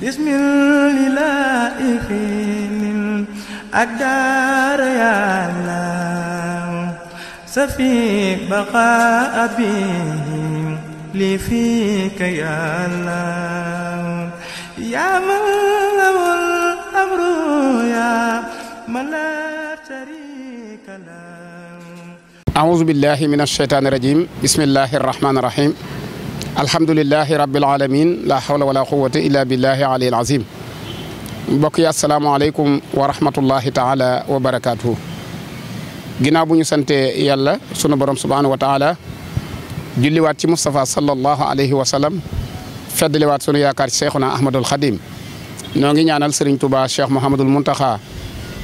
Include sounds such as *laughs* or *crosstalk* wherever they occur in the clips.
bismillahi fiinil أدار يا الله سفي بقاء أبيهم لي فيك يا الله يا من له الأمر يا من لا شريك له أعوذ بالله من الشيطان الرجيم بسم الله الرحمن الرحيم alhamdulilahi rabbil alamin la hawla wala quwata illa billahi aliyil azim mbokk yi asalaamaaleykum wa rahmatullahi taala wa barakaatuhu ginnaaw bu ñu sante yàlla sunu borom subhanahu wa taala julliwaat ci Moustapha sallallahu alayhi wa sallam feddaliwaat sunu yaakaar ci Cheikhuna Ahmadul Xadim noo ngi ñaanal Serigne Touba Cheikh Mouhamadul Mountakha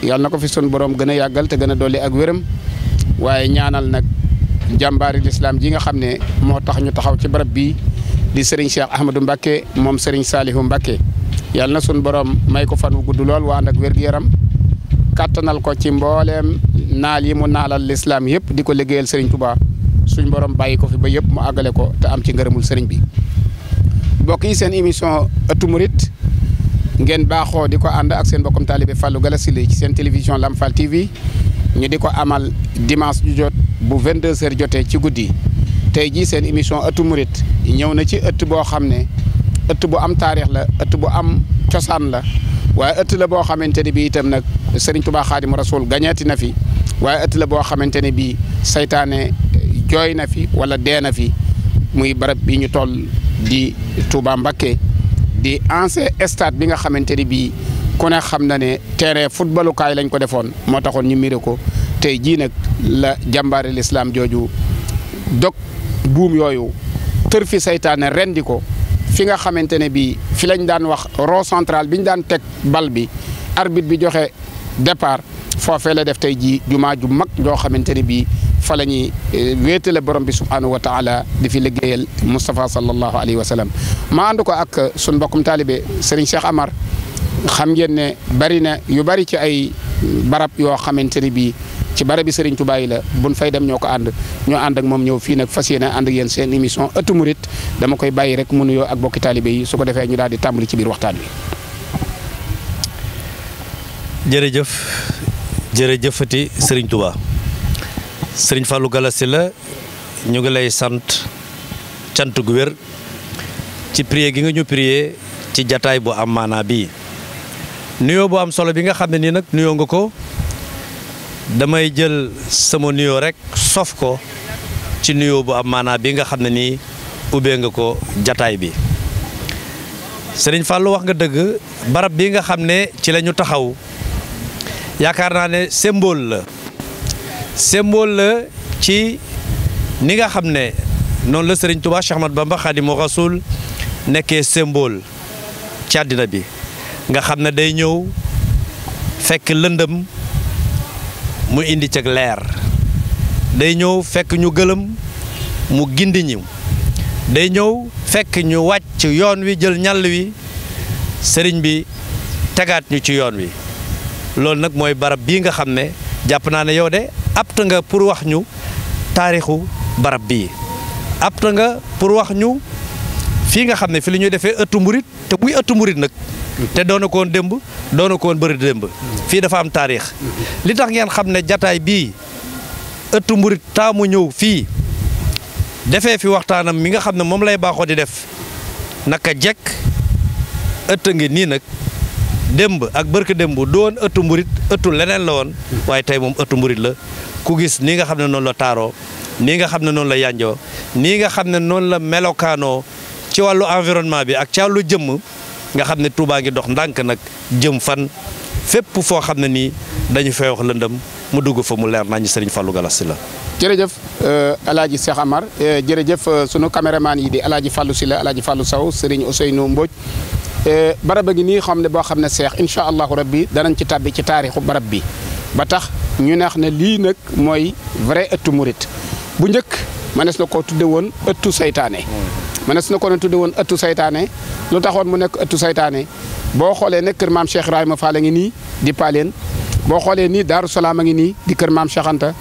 yàlla na ko fi sunu borom gën a yàggal te gën a dolli ak wéram waaye ñaanal nag jàmbaari lislaam ji nga xam ne moo tax ñu taxaw ci barab bii di Serigne Cheikh Ahmadou Mbacke moom Serigne Salihu Mbacke yàlla na sunu borom may ko fan wu lool waa ànd ak wér yaram kàttanal ko ci mboolem naal yi mu naalal lislaam yëpp di ko liggéeyal Serigne Touba suñ borom bàyyi ko fi ba yëpp mu àggale ko te am ci ngërëmul Serigne bi. mbokk yi seen émission ëttu murit ngeen baaxoo di ko ànd ak seen mbokkum taalibe Fallou Galassili ci seen télévision lam Fall TV di ko amal dimanche ju bu 22h jotee ci guddi tey jii seen émission ëttu murit ñëw na ci ëtt boo xam ne ëtt bu am taarix la ëtt bu am cosaan la waaye ëtt la boo xamante ne bii itam nag Serigne Touba Xaadimu Rasuul gañeeti na fi waaye ëtt boo xamante ne bii saytaane jooy na fi wala dee na fi muy barab bi ñu toll di Touba Mbakke di ancien stade bi nga xamante ne bi ku ne xam na ne tere footballukaay lañ ko defoon moo taxoon ñu miire ko. tey jii nag la jàmbaari lislaam jooju dog buum yooyu tër fi saytaane rendi ko fi nga xamante ne bii fi lañ daan wax rond central bi ñu daan teg bal bi arbitre bi joxe départ foofee la def tey jii jumaa ju mag joo xamante ne bii fa la ñuy eh, wéetale borom bi subhaanahu wa taala di fi liggéeyal Moustapha sallallahu alayhi wa sallam ma ànd ko ak sun mbokkum taalibe Serigne Cheikh Amar xam ngeen ne bari na yu bari ci ay barab yoo xamante ne bii ci bare bi Serigne Touba yi la buñ fay dem ñoo ko ànd ñoo ànd ak moom ñëw fii nag fas yéene ànd ak yéen seen émission ëttu murit dama koy bàyyi rek mu nuyoo ak bokki taalibe yi su ko defee ñu daal di tàmbali ci biir waxtaan wi. jërëjëf jërëjëfati Serigne Touba Serigne Fallou Galassi la ñu ngi lay sant cant gu wér ci prier gi nga ñu prier ci jataay bu am maanaa bii nuyoo bu am solo bi nga xam ne nii nag nuyoo nga ko. damay jël sama nuyoo rek sof ko ci nuyoo bu am maanaa bi nga xam ne nii ubbee nga ko jataay bi Sëriñ Fallou wax nga dëgg barab bi nga xam ne ci lañu taxaw yaakaar naa ne symbole la symbole la ci ni nga xam ne noonu la Sëriñ Touba Cheikh Ahmad Bamba Khadimou Rassoul nekkee symbole ci àddina bi nga xam ne day ñëw fekk lëndëm mu indi cëg leer day ñëw fekk ñu gëlëm mu gindi ñi day ñëw fekk ñu wàcc yoon wi jël ñàll wi sëriñ bi tegaat ñu ci yoon wi loolu nag mooy barab bi nga xam ne jàpp naa ne yow de apt nga pour wax ñu taarixu barab bii apt nga pour wax ñu fii nga xam ne fi la ñuy defee ëttu mburit te muy ëttu mburit nag te doona koon démb doona koon bëri démb fii dafa am taarix li tax ngeen xam ne jataay bii ëttu mburit taamu ñëw fii defee fi waxtaanam mi nga xam ne moom lay baaxoo di def naka jekk ëtt ngi nii nag démb ak bërk démb doon ëttu mburit ëttu leneen la woon waaye tey moom ëttu mburit la ku gis nii nga xam ne noonu la taaroo nii nga xam ne noonu la yanjoo nii nga xam ne noonu la melokaanoo ci wàllu environnement bi ak ci wàllu jëmm nga xam ne Touba ngi dox ndànk nag jëm fan fépp foo xam ne nii dañu fay wax lëndëm mu dugg fa mu leer nañu fallu Fallou Gallas la jërëjëf euh, El Hadj Cheikh Amar euh, jërëjëf euh, sunu caméraman yi di El Hadj Fallou Sylla El Hadj Fallou Sow Serigne Ousseynou Mbodj barab a ngi nii xam ne boo xam ne Cheikh incha allahu rabbi danañ ci tabbi ci taarixu barab bi ba tax ñu neex ne lii nag mooy vrai ëttu murit bu njëkk. manes na koo tudde woon ëttu saytaane manes na ko ne tudde woon ëttu saytaane lu taxoon mu nekk ëttu seytaane boo xoolee ne kër maam Cheikh Ibrahima Fall a ngi nii di Paleen boo xoolee nii Daaru Salaam a ngi nii di kër maam Cheikh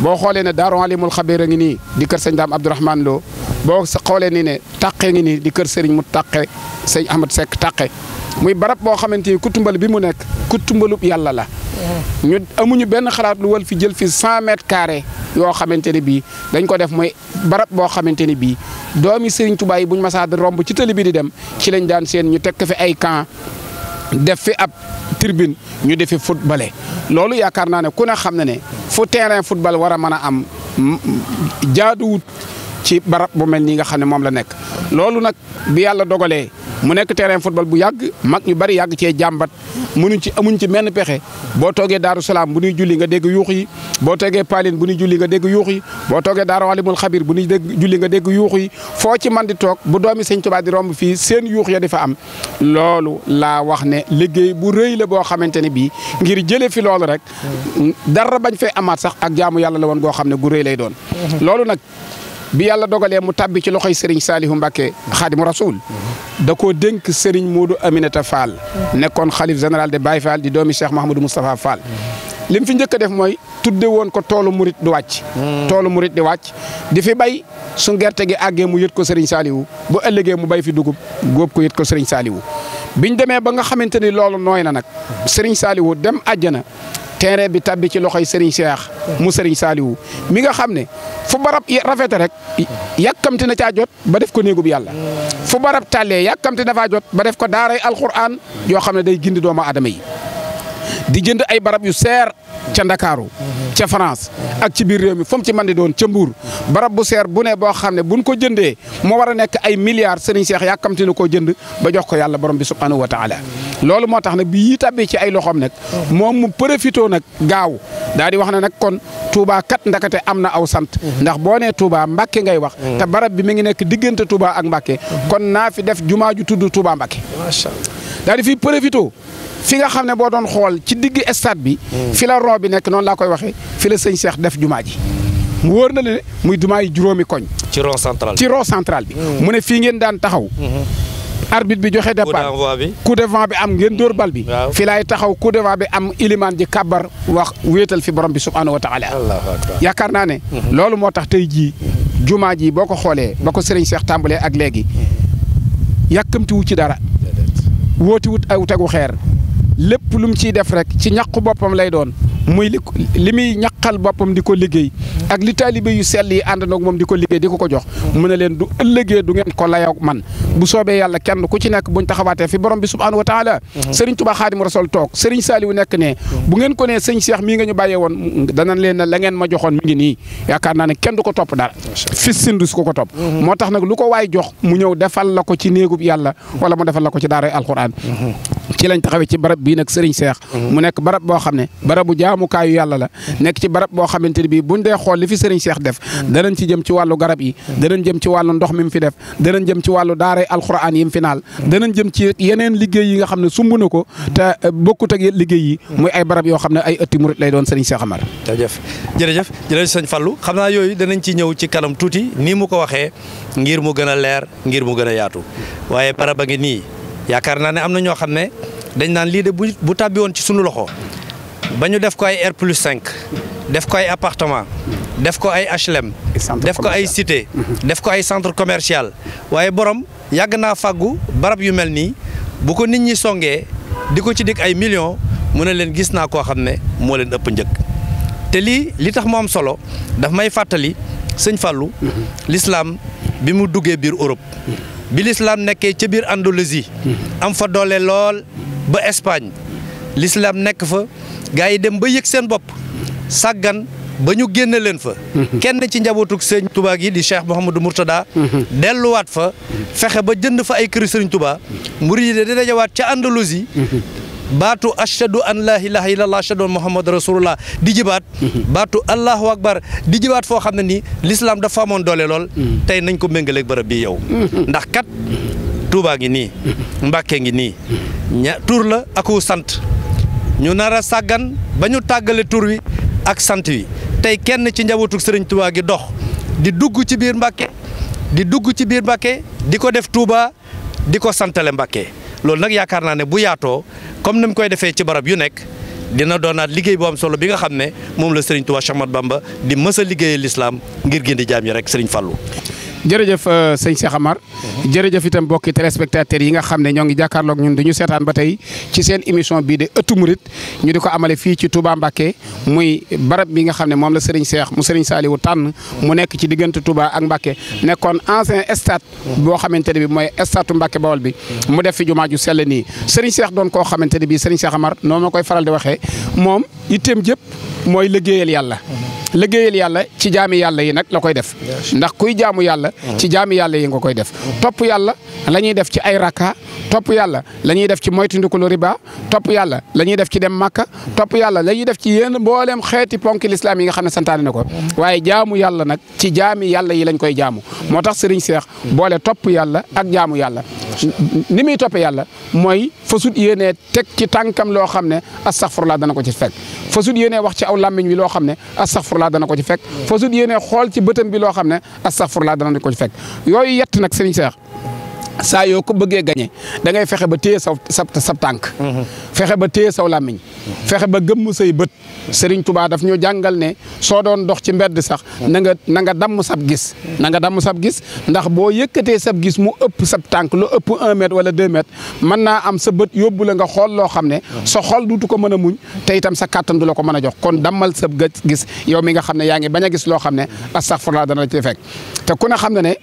boo xoolee ne Daaru Alimul Xabeer a ngi nii di kër sëñ Daam Abdourahmane Lo boo xoolee nii ne taqe ngi nii di kër sëriñ mu taqe sëñ Ahmad Seck taqe muy barab boo xamante ni kutumbal bi mu nekk kutumbalub yàlla la ñu amuñu benn xalaat lu wal fi jël fi cent mètres yoo xamante ne bii dañ ko def mooy barab boo xamante ne bii doomi Serigne Touba yi buñ masaa di romb ci tali bi di dem ci lañ daan seen ñu tekk fi ay camp def fi ab tribune ñu defi footballé loolu yaakaar naa ne ku ne xam na ne fu terrain football war a mën a am jaaduwut ci barab bu mel nii nga xam ne moom la nekk loolu nag bi yàlla dogalee mu nekk terrain football bu yàgg mag ñu bari yàgg cee jàmbat mënuñ ci amuñ ci menn pexe boo toogee Daaru Salaam bu nuy julli nga dégg yuux yi boo toogee Paline bu ñuy julli nga dégg yuux yi boo toogee Daaru Alimul Xabir bu ñuy dégg julli nga dégg yuux yi foo ci man di toog bu doomi Sëñ Tuubaa di romb fii seen yuux ya di fa am loolu laa wax ne liggéey bu rëy la boo xamante ne bii ngir jële fi loolu rek dara bañ fee amaat sax ak jaamu yàlla la woon goo xam ne gu rëy lay doon mm-hmm. loolu nag bi yàlla dogalee mu tàbbi ci loxoy Serigne Salihu Mbacke xaadimu rasul da koo dénk Serigne Modou Aminata Fall. nekkoon xalif général de Baye Fall di doomi Cheikh Mahamadou Moustapha Fall. lim fi njëkk a def mooy tudde woon ko toolu murit di wàcc. toolu murit di wàcc di fi bay su gerte gi àggee mu yët ko Serigne Salihu bu ëllëgee mu bay fi dugub góob ko yët ko Serigne Salihu biñ demee ba nga xamante ni loolu nooy na nag Serigne Salihu dem àjjana. terrain bi tàbbi ci loxoy Serigne Cheikh mu Serigne saaliwu mi nga xam ne fu barab rafete rek yàkkamti na caa jot ba def ko néegub yàlla fu barab tàllee yàkkamti na jot ba def ko daaray alxuraan yoo xam ne day gindi doomu aadama yi di jënd ay barab yu seer ca Ndakaaru ca France ak ci biir réew mi fam ci man di doon ca Mbuur barab bu seer bu ne boo xam ne buñ ko jëndee moo war a nekk ay milliards Serigne Cheikh yàkkamti na koo jënd ba jox ko yalla borom bi subhanahu wa taala loolu moo tax nag bi yii tàbbee ci ay loxoom nag moom mu profitoo nag gaaw daal di wax ne nag kon Touba kat ndakate am na aw sant ndax boo ne Touba mbakke ngay wax te barab bi mi ngi nekk diggante Touba ak Mbacke kon naa fi def jumaa ju tudd Touba Mbacke digg stade bi. Hmm. fila la bi nekk noonu laa koy waxee fi la sëñ seex def jumaa mu wóor na ne muy jumaa yi juróomi koñ. ci rond central bi ci bi. Hmm. mu ne fii ngeen daan taxaw. Hmm. arbitre bi joxe départ coup de vent bi am ngeen door bal bi fi laay taxaw coup de vent bi am ilimaan ji kabar wax weetal fi borom bi subhaanahu wa taala yaakaar naa ne loolu moo tax tey jii jumaa ji boo ko xoolee ba ko sëriñ Seex tàmbalee ak léegi yàkkamtiwu ci dara wootiwut aw tegu xeer lépp lu mu ciy def rek ci ñàqu boppam lay doon muy li li muy ñaqal boppam di ko liggéey ak li taalibe yu sell nag moom di ko liggéey di ko ko jox mu ne leen du ëllëgee du ngeen ko layoo man bu soobee yàlla kenn ku ci nekk buñ taxawaatee fi borom bi subhaanahu wa taala sëriñ Tuubaa Xaadimu Rasuul toog bu ngeen ko nee sëñ Cheikh mii nga ñu bàyyee woon danañ leen ne la ngeen ma joxoon mi ngi nii yaakaar naa ne kenn du ko topp dara fis sindu su ko ko moo tax nag lu ko waay jox mu ñëw defal la ko ci néegub yàlla wala mu defal la ko ci daaray alquran ci lañ taxawee ci barab bii nag sëriñ Cheikh mu nekk barab boo xam ne barabu jaam jaamukaayu yàlla la nekk ci barab boo xamante ne bii buñ dee xool li fi sëriñ Cheikh def danañ ci jëm ci wàllu garab yi danañ jëm ci wàllu ndox mi mu fi def danañ jëm ci wàllu daaray alxuraan yi mu fi naal danañ jëm ci yeneen liggéey yi nga xam ne sumb na ko te bokkut ak liggéey yi muy ay barab yoo xam ne ay ëtti murit lay doon sëriñ Cheikh Amar jërëjëf jërëjëf jërëjëf sëñ fallu xam naa yooyu danañ ci ñëw ci kanam tuuti nii mu ko waxee ngir mu gën a leer ngir mu gën a yaatu waaye barab nii yaakaar naa ne am na ñoo xam ne dañ naan lii de bu bu tàbbi ci sunu loxo ba ñu def ko ay R plus 5 def ko ay apartement def ko ay HLM def ko ay cité mhm. def ko ay centre commercial waaye borom yàgg naa fàggu barab yu mel nii bu ko nit ñi songee di ko ci dikk ay millions mu ne leen gis naa koo xam ne moo leen ëpp njëkk te lii li tax mu am solo daf may fàttali sëñ Fallou mhm. l'islam bi mu duggee biir Europe mhm. bi l'islam nekkee ca biir Andalousie am fa doole lool ba Espagne l'islam nekk fa gaa yi dem ba yëg seen bopp saggan ba ñu génne leen fa. Mhm. kenn ci njabootug sëñ Touba gi di Cheikh Mouhamadou Mourtada. Mhm. delluwaat fa fexe ba jënd fa ay këri sëriñ Touba. murid yi di dajawaat ca Andalousie. Mhm. baatu ashadu an laa ilaha illallah ashadu an muhammad rasulullah di jibaat baatu allahu akbar di jibaat foo xam ne nii lislaam dafa amoon doole lool tey nañ ko méngaleeg bërëb bi yow ndax kat tuubaa ngi nii mbàkke ngi nii ña tuur la aku sant ñu nar a sàggan ba ñu tàggalee tur wi ak sant wi tey kenn ci njabootu sëriñ Touba gi dox di dugg ci biir Mbacke di dugg ci biir Mbacke di ko def Touba di ko santale Mbacke loolu nag yaakaar naa ne bu yaatoo comme ni mu koy defee ci barab yu nekk dina doon doonaat liggéey boo am solo bi nga xam ne moom la Serigne Touba Cheikh Ahmadou Bamba di mësa a liggéeyee lislaam ngir gindi jaam yi rek Serigne Fallou. jërëjëf euh, sëñ Cheikh mar mhm. jërëjëf itam mbokki téléspectateurs yi nga xam ne ñoo ngi jàkkaarloog ñun di ñu seetaan ba tey ci seen émission bii de ëttu murit ñu di ko amale fii ci Touba Mbacké muy barab bi nga xam ne moom la Serigne Cheikh mu Serigne wu tànn mu nekk ci diggante Touba ak Mbacké nekkoon ancien stade boo xamante ne bi mooy stade Mbacké Bawol bi mu def fi jumaa ju sell nii Serigne Cheikh doon koo xamante ne bii Serigne Cheikh Amar noonu ma koy faral di waxee moom itteem jëpp mooy liggéeyal yàlla liggéeyal yàlla ci jaami yàlla yi nag la koy def ndax kuy jaamu yàlla ci jaami yàlla yi nga koy def topp yàlla la ñuy def ci ay rakka topp yàlla lañuy def ci moytandiku lu riba topp yàlla la ñuy def ci dem màkka topp yàlla la ñuy def ci yéen mbooleem xeeti ponki lislaam yi nga xam ne santaane na ko waaye jaamu yàlla nag ci jaami yàlla yi lañ koy jaamu moo tax sëriñ Seex boole topp yàlla ak jaamu yàlla ni muy toppe yàlla mooy fasut yéenee teg ci tànkam loo xam ne astaxfirullah dana ko ci làmmiñ wi loo xam ne astaghfirullah dana ko ci fekk fasut yéenee xool ci bëtam bi loo xam ne astaghfirullah dana ko ci fekk yooyu yett nag sëriñ Seex saa yoo ko bëggee gañe da ngay fexe ba téye sa sa sab tànk mm-hmm. fexe ba téye saw làmmiñ mm-hmm. fexe ba gëmm say bët Serigne Touba daf ñu jàngal ne soo doon dox ci mbedd sax na nga na nga damm sab gis na nga damm sab gis ndax boo yëkkatee sab gis mu ëpp sab tànk lu ëpp un mètre wala deux mètres mën naa am sa bët yóbbu la nga xool loo xam ne soo xool duutu ko mën a muñ te itam sa kàttan du la ko mën a jox kon dammal sab gis yow mi nga xam ne yaa ngi bañ a gis loo xam ne astaghfirullah dana la ci fekk te ku ne xam ne ne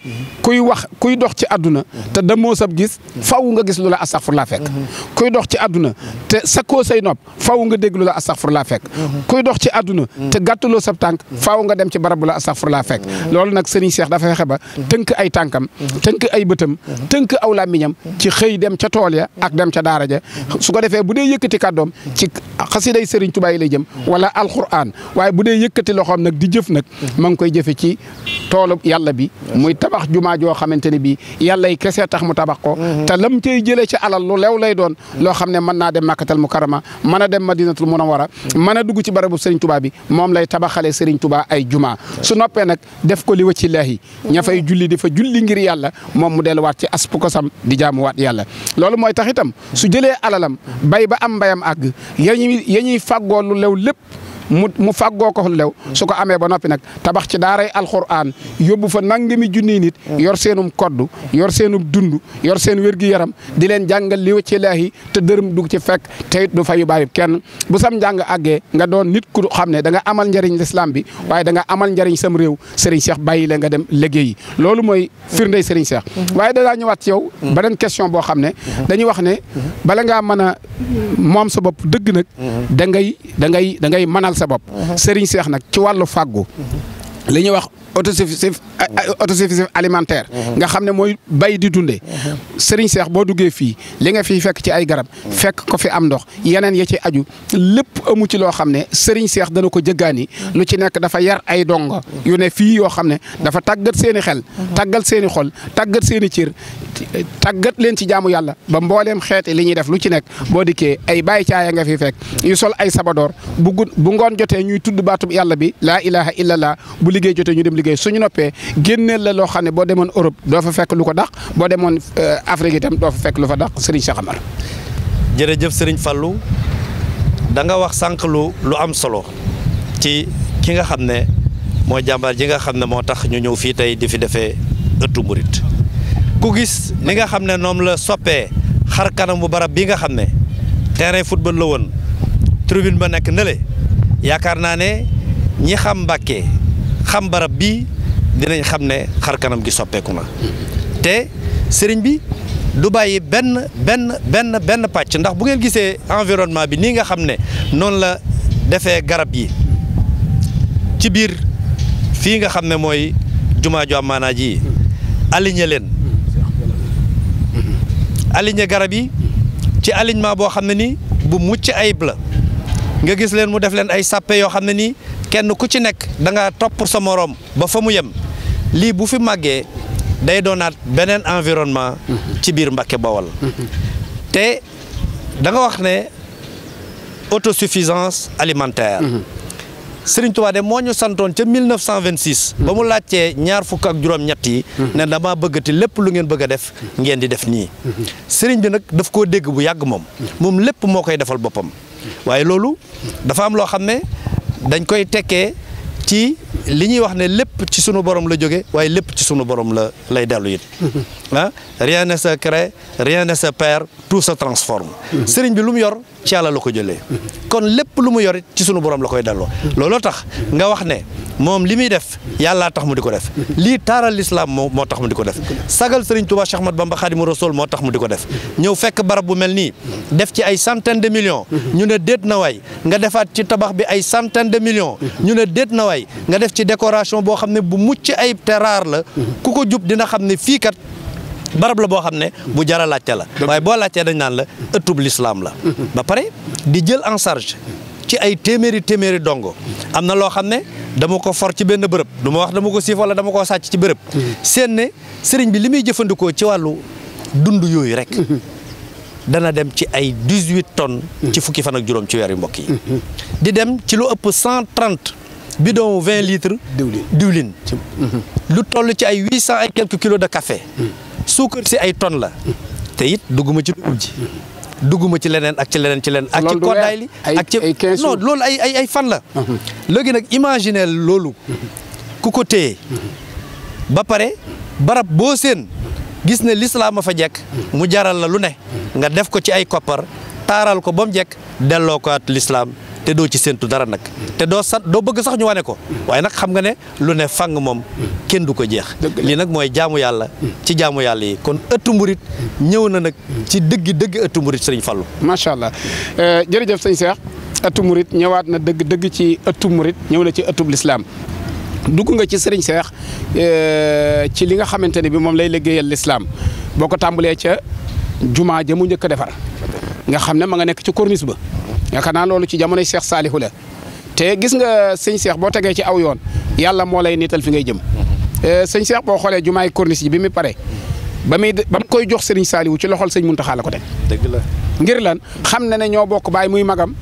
kuy wax kuy dox ci àdduna te damoo sab gis faw nga gis lu la astaghfirullah fekk kuy dox ci àdduna te sakkoo say nopp faw nga dégg lu la astaghfirullah fekk kuy dox ci àdduna te gàttaloo sab tànk faw nga dem ci barabu la astaghfirullah fekk loolu nag sëriñ Cheikh dafa fexe ba tënk ay tànkam tënk ay bëtam tënk aw làmmiñam ci xëy dem ca tool ya ak dem ca daara ja su ko defee bu dee yëkkati kàddoom ci xasiday sëriñ Tuubaa yi lay jëm wala alquran waaye bu dee yëkkati loxoom nag di jëf nag ma ngi koy jëfe ci toolu yàlla bi muy tabax jumaa joo xamante ne bii yàlla yi kese tax mu tabax ko ta lam cay jëlee ci alal lu lew lay doon loo xam ne mën naa dem màkkatal mukarama mën a dem madinatul mën a dugg ci barabu Serigne Touba bi moom lay tabaxalee Serigne Touba ay juma su noppee nag def ko li wa ci laahi ña fay julli defa julli ngir yàlla moom mu delluwaat ci aspu ko sam di jaamuwaat yàlla loolu mooy tax itam su jëlee alalam bay ba am mbayam àgg ya ñuy ya ñuy fàggoo lu lew lépp mu mu fàggoo ko lew su ko amee ba noppi nag tabax ci daaray alxuraan yóbbu fa nangami junniy nit yor seenum koddu yor seenum dund yor seen wér-gi-yaram di leen jàng li ci laahi te dërëm dug ci fek te it du fayu bàyyib kenn bu sam njàng àggee nga doon nit ku xam ne danga amal njëriñ lislaam bi waaye da nga amal njëriñ sam réew Serigne Cheikh bayi la nga dem liggéeyi loolu mooy firndey Serigne Cheikh mm-hmm. waaye danaa ñëwaat ci yow beneen question boo xam ne mm-hmm. dañuy wax ne mm-hmm. bala ngaa mën a moom sa bopp dëgg nag da fajal sa bopp. Serigne Cheikh nag ci wàllu fàggu. autosuffisance autosuffisance alimentaire nga xam ne mooy bay di dundee sëriñ seex boo duggee fii li nga fi fekk ci ay garab fekk ko fi am ndox yeneen ya ci aju lépp amu ci loo xam ne sëriñ seex dana ko jëggaani lu ci nekk dafa yar ay dongo yu ne fii yoo xam ne dafa tàggat seeni xel tàggal seeni xol tàggat seeni cër tàggat leen ci jaamu yàlla ba mbooleem xeeti li ñuy def lu ci nekk boo dikkee ay bàyyi caaya nga fi fekk yu sol ay sabadoor bu bu ngoon jotee ñuy tudd baatub yàlla bi laa bu liggéey jotee ñu dem liggéey suñu noppee génneel la loo xam ne boo demoon Europe doo fa fekk lu ko dàq boo demoon euh, Afrique itam doo fa fekk lu fa dàq Serigne Cheikh Amar. jërëjëf Serigne Fallou da nga wax sànq lu lu am solo ci ki nga xam ne moo jàmbaar ji nga xam ne moo tax ñu ñëw fii tey di fi defee ëttu murit ku gis ni nga xam ne noom la soppee xar kanam bu barab bi nga xam ne terrain football la woon tribune ba nekk nële yaakaar naa ne ñi xam Mbàkke xam barab bii dinañ xam ne xar kanam gi soppeeku na te sëriñ bi du bàyyi benn benn benn benn pàcc ndax bu ngeen gisee environnement bi nii nga xam ne noonu la defee garab yi ci biir fii nga xam ne mooy jumaa ju am maanaa ji aligné leen aligné garab yi ci alignement boo xam ne nii bu mucc ayib la nga gis leen mu def leen ay sàppe yoo xam ne nii kenn ku ci nekk da topp sa moroom ba fa mu yem lii bu fi màggee day doonaat beneen environnement ci biir Mbacké Bawol te da nga wax ne autosuffisance alimentaire Sëriñ Tuubaa de moo ñu santoon ca 1926 ba mu laajtee ñaar fukk ak juróom ñett yi ne dama bëggati lépp lu ngeen bëgg a def ngeen di def nii sëriñ bi nag daf koo dégg bu yàgg moom moom lépp moo koy defal boppam waaye loolu dafa am loo xam ne dañ koy tekkee ci li ñuy wax ne lépp ci sunu borom la jóge waaye lépp ci sunu borom la lay dellu it *laughs* ah rien ne sa crée rien ne se perd tout se transforme mm-hmm. sëriñ bi lu mu yor ci yàlla la ko jëlee kon lépp lu mu yorit ci sunu borom la koy daloo looloo tax nga wax ne moom li muy def yàllaa tax mu di ko def lii taaral lislaam moo moo tax mu di ko def sagal Sëriñ Tuubaa Cheikh Ahmad Bamba Xaadimu Rasuul moo tax mu di ko def ñëw fekk barab bu mel nii def ci ay centaine de millions ñu ne déet na waay nga defaat ci tabax bi ay centaine de millions ñu ne déet na waay nga def ci décoration boo xam ne bu mucc ay te la ku ko jub dina xam ne fii kat barab la boo xam ne bu jara laajte la waaye boo laajtee dañ naan la ëttub lislaam la ba pare di jël en charge ci ay téeméeri téeméeri dongo am na loo xam ne dama ko for ci benn bërëb du ma wax dama ko siif wala dama koo sàcc ci bërëb seen ne sëriñ bi li muy jëfandikoo ci wàllu dund yooyu rek dana dem ci ay dix-huit tonnes ci fukki fan ak juróom ci weer yu mbokk yi di dem ci lu ëpp cent trente bidon vingt litres diwlin diwlin lu toll ci ay huit cent ay quelques kilos de kafe suukar si ay ton la te it dugguma ci ci leneen ak ci leneen ci leneen ak ci koddaay li ak ci non loolu ay ay ay fan la mhm. léegi nag imagine loolu ku ko téye ba pare barab boo seen gis ne lislaam a fa jekk mu jaral la lu ne nga def ko ci ay koppar taaral ko ba mu jekk delloo ko at lislaam te doo ci séentu dara nag te doo sant doo bëgg sax ñu wane ko waaye nag xam nga ne lu ne fang moom kenn du ko jeex lii nag mooy jaamu yàlla ci jaamu yàlla yi kon ëttu mburit ñëw na nag ci dëgg dëgg ëttu mburit sëriñ macha allah euh, jërëjëf sëñ Cheikh ëttu ñëwaat na dëgg dëgg ci ëttu murit ñëw na ci ëttub lislaam dugg nga ci sëriñ Cheikh euh, ci li nga xamante ne bi moom lay liggéeyal lislaam boo ko tàmbalee ca jumaa ja mu njëkk a defar nga xam ne ma nga nekk ci corniche ba yaakaar naa loolu ci jamonoy Cheikh Saalihu la te gis nga sëñ Cheikh boo tegee ci aw yoon yàlla moo lay niital fi ngay jëm mm-hmm. euh, sëñ Cheikh boo xoolee jumaay corniche ji bi mu pare ba muy ba mu koy jox sëriñ Saalihu ci loxol sëñ Muntaxa la ko teg. dëgg la ngir lan xam ne ne ñoo bokk baay muy magam.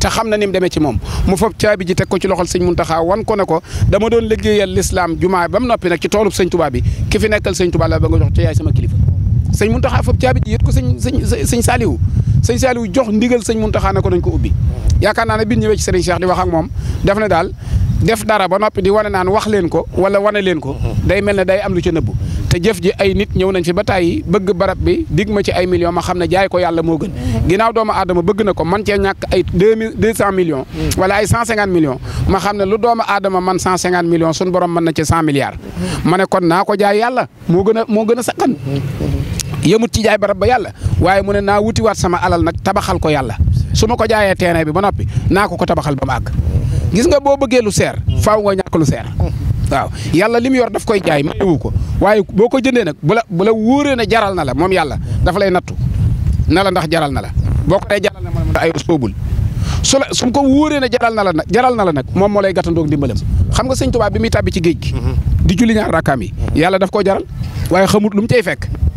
te xam na ni mu demee ci moom mu foog caabi ji teg ko ci loxol mun Muntaxa wan ko ne ko dama doon liggéeyal lislaam jumaa ba mu noppi nag ci toolub sëñ Tuubaa bi ki fi nekkal sëñ Tuubaa la ba nga jox te yaay sama kilifa. sëñ Muntaxa fab caabi ji yët ko sëñ sëñ sëñ Saaliwu sëñ Saaliwu jox ndigal sëñ Muntaxa ne ko nañ ko ubbi yaakaar naa ne bi ñëwee ci sëriñ Cheikh di wax ak moom def na daal def dara ba noppi di wane naan wax leen ko wala wane leen ko day mel ne day am lu ca nëbbu te jëf ji ay nit ñëw nañ fi ba tàyyi bëgg barab bi dig ma ci ay millions ma xam ne jaay ko yàlla moo gën ginnaaw doomu aadama bëgg na ko man cee ñàkk wala ay cent cinquante millions ma xam ne lu doomu aadama man cent cinquante millions suñu borom mën na ci cent milliards ma ko jaay yàlla moo gën a moo gën a sakkan yëmut ci jaay barab ba yàlla waaye mu ne naa wutiwaat sama alal nag tabaxal ko yàlla su ma ko jaayee terrain bi ba noppi naa ko ko tabaxal ba mu gis nga boo bëggee lu seer faaw nga ñàkk lu seer waaw yàlla li mu yor daf koy jaay mayewu ko waaye boo ko jëndee nag bu la bu la wóoree ne jaral na la moom yàlla dafa lay nattu na la ndax jaral na la boo ko dee jaral na ma ay soobul su la ko wóoree ne jaral na la nag jaral na la nag moom moo lay gàttandoog ndimbalam xam nga sëñ Tuubaa bi muy tàbbi ci géej gi di julli ñaar yàlla daf koo jaral waaye xamut lu mu cay fekk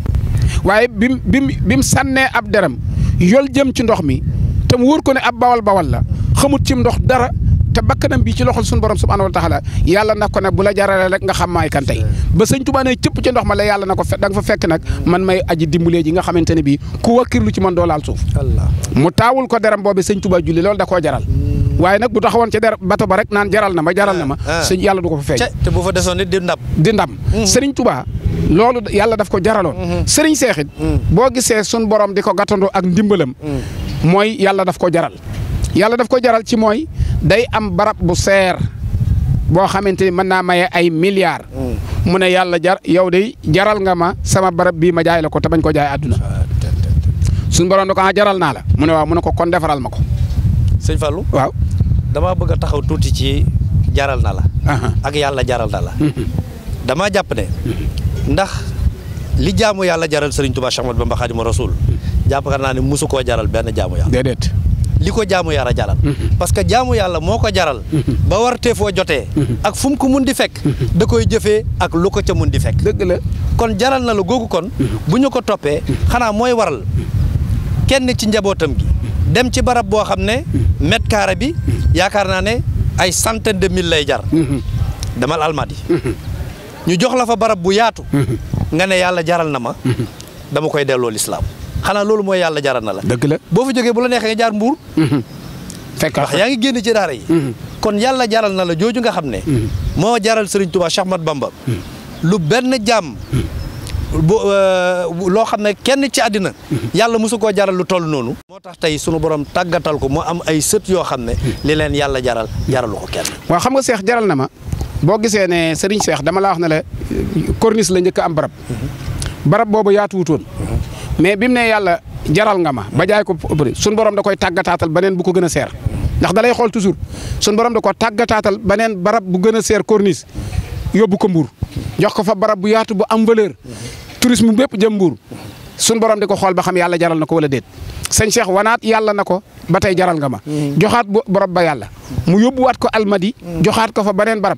waaye bim bim bim sànnee ab deram yol jëm ci ndox mi te mu wóor ko ne ab bawal bawal la xamut cim ndox dara te bakkanam bi ci loxol suñu borom subhanahu wa taala yàlla na ko ne bu la jarale rek nga xam maay kan tey ba sëñ Tuubaa ne cëpp ci ndox ma la yàlla na ko fe da nga fa fekk nag man may aji dimbalee ji nga xamante ne bii ku wakkirlu ci man doolaal suuf mu taawul ko deram boobu sëñ Tuubaa julli loolu da koo jaral mm. waaye nag bu taxawoon ca der bato ba rek naan jaral na ma jaral na ma ah, ah. sëñ yàlla du ko fa feeñ te bu fa desoon it di ndam di ndam mm-hmm. sëriñ tubaa loolu yàlla def ko jaraloon mm-hmm. sëriñ seexit mm-hmm. boo gisee sun boroom di ko gàttandoo ak ndimbalam mooy yàlla daf ko jaral yàlla daf ko jaral ci mooy day am barab bu seer boo xamante ni mën naa maye ay milliards mu ne yàlla jar yow de jaral nga ma sama barab bii ma jaay la ko te bañ ko jaay àdduna ah, sun borom da ko a jaral naa la mu ne mu ne ko kon defaral ma ko sëñ Fallou waaw damaa bëgg a taxaw tuuti ci jaral na la. ak yàlla jaral na la. Mhm. damaa jàpp ne. Mhm. ndax li jaamu yàlla jaral Sëriñ Tuubaa Cheikh Ahmadou Bamba Khadimu Rasul. Mhm. jàppkar naa ne musu koo jaral benn jaamu yàlla. déedéet. li ko jaamu yàlla jaral parce que jaamu yàlla moo ko jaral ba wartee foo jotee ak fu mu ko mun di fekk da koy jëfee ak lu ko ca mun di fekk dëgg kon jaral na la googu kon bu ñu ko toppee xanaa mooy waral kenn ci njabootam gi dem ci barab boo xam ne mètre kaare bi yaakaar naa ne ay centaine de mille lay jar demal Almadi ñu jox la fa barab bu yaatu nga ne yàlla jaral na ma dama koy delloo lislaam xanaa loolu mooy yàlla jaral na la dëgg boo fa jógee bu la neexee nga jaar mbuur fekk yaa ngi génn ci daara yi mm-hmm. kon yàlla jaral na la jooju nga xam ne mm-hmm. moo jaral Serigne Touba Cheikh Ahmad Bamba mm-hmm. lu benn jàmm bu euh, loo xam ne kenn ci àddina yàlla mosu koo jaral lu toll noonu moo tax tey sunu borom tàggatal ko mu am ay sët yoo xam ne li leen yàlla jaral jaralu ko kenn waaw xam nga seex jaral na ma boo gisee ne sëriñ seex dama la wax ne la corniche la njëkk am barab barab boobu yaatuwutoon mais bi mu ne yàlla jaral nga ma ba jaay ko bëri borom da koy tàggataatal beneen bu ko gën a seer ndax da lay xool toujours sunu borom da ko tàggataatal beneen barab bu gën a seer corniche yóbbu ko mbuur tourisme bépp jëm Mbuur suñ borom di ko xool ba xam yàlla jaral na ko wala déet sëñ Cheikh wanaat yàlla na ko ba tey jaral nga ma mm-hmm. joxaat borom ba yàlla mu yóbbuwaat ko almadi mm-hmm. joxaat ko fa beneen barab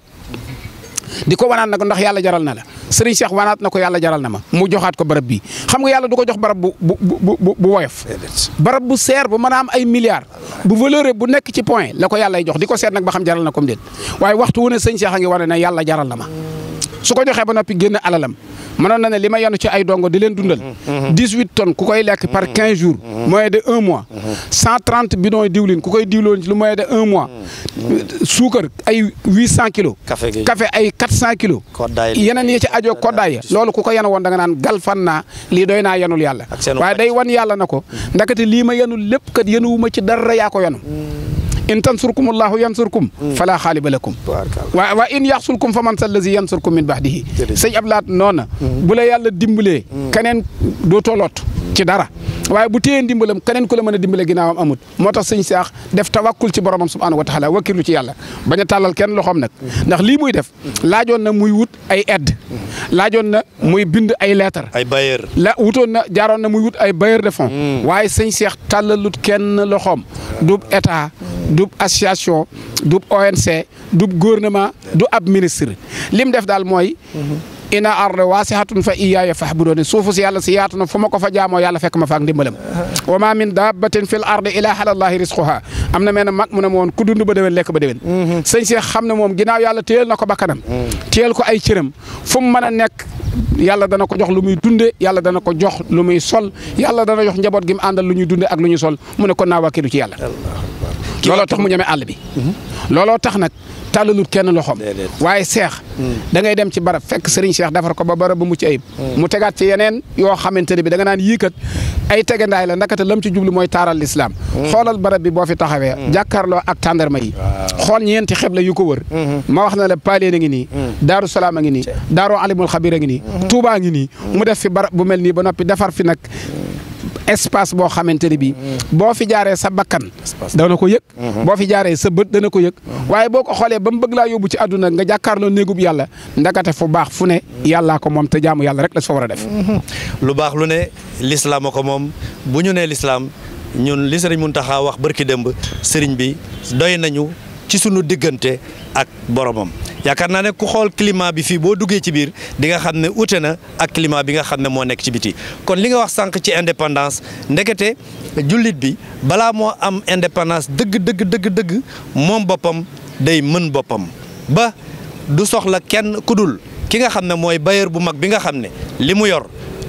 di ko wanaat na ko ndax yàlla jaral na la sëriñ Cheikh wanaat na ko yàlla jaral na ma mu joxaat ko barab bi xam nga yàlla du ko jox barab bu bu bu bu woyof barab bu seer bu mën a am ay milliards bu valeur bu nekk ci point la ko yàllay jox di ko seet nag ba xam jaral na ko déet waaye waxtu ne sëñ Cheikh a ngi wane yàlla jaral na ma su ko joxee ba noppi génn alalam mënoon na ne li ma yenu ci ay dongo di leen dundal. 18 ton ku koy lekk par 15 jours. moyen de un mois. 130 bidons diwlin ku koy diwloon ci lu moyen de un mois. suukar ay 800 kilos. café gi café ay 400 kilos. yeneen yi ci ajo koddaay loolu ku ko yenu woon da nga naan gal fan naa lii doy naa yenu yàlla. waaye day won yàlla na ko. ndakate lii ma yenul lépp kat wuma ci dara yaa ko yenu in tansurkum allahu yansurkum fala xaaliba lakum waa waa in yaxsulkum fa man sallazi yansurkum min baxdihi sëñ ablaat noona bu la yàlla dimbalee mm. keneen doo tooloot ci dara waaye bu téyee ndimbalam keneen ku la mën a dimbale ginnaawam amut moo tax sëñ saax def tawakkul ci boromam subhaanahu wa taala wakkilu ci yàlla bañ a tàllal kenn loxoom nag mm. ndax lii muy def mm. laajoon na muy wut ay aide laajoon na muy bind ay leetar ay bailleur la wutoon na jaaroon na muy wut ay bailleur de fonds waaye sëñ seex tàllalut kenn loxoom du association du ONC du gouvernement du ab ministre lim def daal mooy. ina arde waasihatun fa iyaaya fahbuduni suufu si yàlla si yaatu na fu ma ko fa jaamoo yàlla fekk ma faak ndimbalam wa ma min dabbatin fil arde ilaa xalallaahi risquha am na mel ne mag mu ma woon ku dund ba déwén lekk ba déwén mhm. sëñ Seex xam ne moom ginnaaw yàlla téyel na ko bakkanam mhm. téyel ko ay cëram fu mu a nekk yàlla dana ko jox lu muy dunde yàlla dana ko jox lu muy sol yàlla dana jox njaboot gi mu àndal lu ñuy dunde ak lu ñuy sol mu ne kon naa wàkkilu ci yàlla looloo tax mu ñeme àll bi. Mm-hmm. looloo tax nag tàllalut kenn loxoom. waaye seex. Mm. da ngay dem ci barab fekk sëriñ seex defar ko ba barab bu mucc ay mm. mu tegaat ci yeneen yoo xamante ne bi da nga naan yii kat ay tegandaay la ndakate lam ci jublu mooy taaral lislaam mm. xoolal barab bi boo fi taxawee. jàkkaarloo ak tàndarma yi. xool ñeenti xeb xebla yu ko wër. Mm-hmm. ma wax na la Paaleen a ngi nii. Daaru Salaam a ngi nii. Daaru Alimul Xabir a ngi nii. Mm-hmm. Touba ngi nii. mu def fi bara bu mel nii ba noppi defar fi nag. espace boo xamante ne bii mm. boo fi jaaree sa bakkan dana ko yëg mm-hmm. boo fi jaaree sa bët dana ko yëg mm-hmm. waaye boo ko xoolee ba mu bëgg laa yóbbu ci adduna nga jàkkaarloo néegub yàlla ndakate fu baax fu ne mm-hmm. yàllaa ko moom te jaamu yàlla rek la si war a def lu baax lu ne lislaam ko moom bu ñu nee lislaam ñun li sëriñ Muntaxa wax barki démb sëriñ bi doy nañu sunu diggante ak boromam yaakaar naa ne ku xool climat bi fii boo duggee ci biir di nga xam ne ute na ak climat bi nga xam ne moo nekk ci biti kon li nga wax sànq ci indépendance ndekete jullit bi balaa moo am indépendance dëgg dëgg dëgg dëgg moom boppam day mën boppam ba du soxla kenn ku dul ki nga xam ne mooy bailleur bu mag bi nga xam ne li mu yor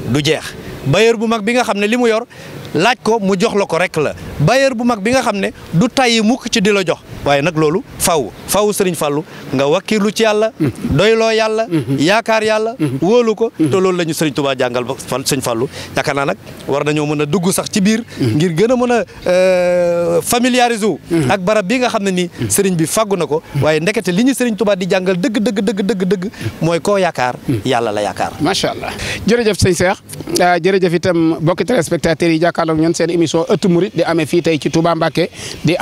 du jeex bailleur bu mag bi nga xam ne li mu yor laaj ko mu jox la ko rek la bailleur bu mag bi nga xam ne du tàyyi mukk di la jox waaye nag loolu faw faw sëriñ Fallou nga wakkiirlu ci yàlla mm. doyloo yàlla mm-hmm. yaakaar yàlla mm-hmm. wóolu ko mm-hmm. te loolu la ñu sëriñ Touba jàngal ba sëñ Fallou yaakaar naa nag war nañoo mën a dugg sax ci biir ngir gën a mën a euh, familiariser wu ak barab bi nga xam ne ni sëriñ bi fàggu na ko waaye ndekete li ñu sëriñ Touba di jàngal dëgg dëgg dëgg dëgg dëgg mooy ko yaakaar yàlla la yaakaar macha allah jërëjëf sëñ Cheikh ah, jërëjëf itam bokki téléspectateurs yi jàkkaarloog ñun seen émission ëttu murid di amee fii tey ci Touba Mbacké di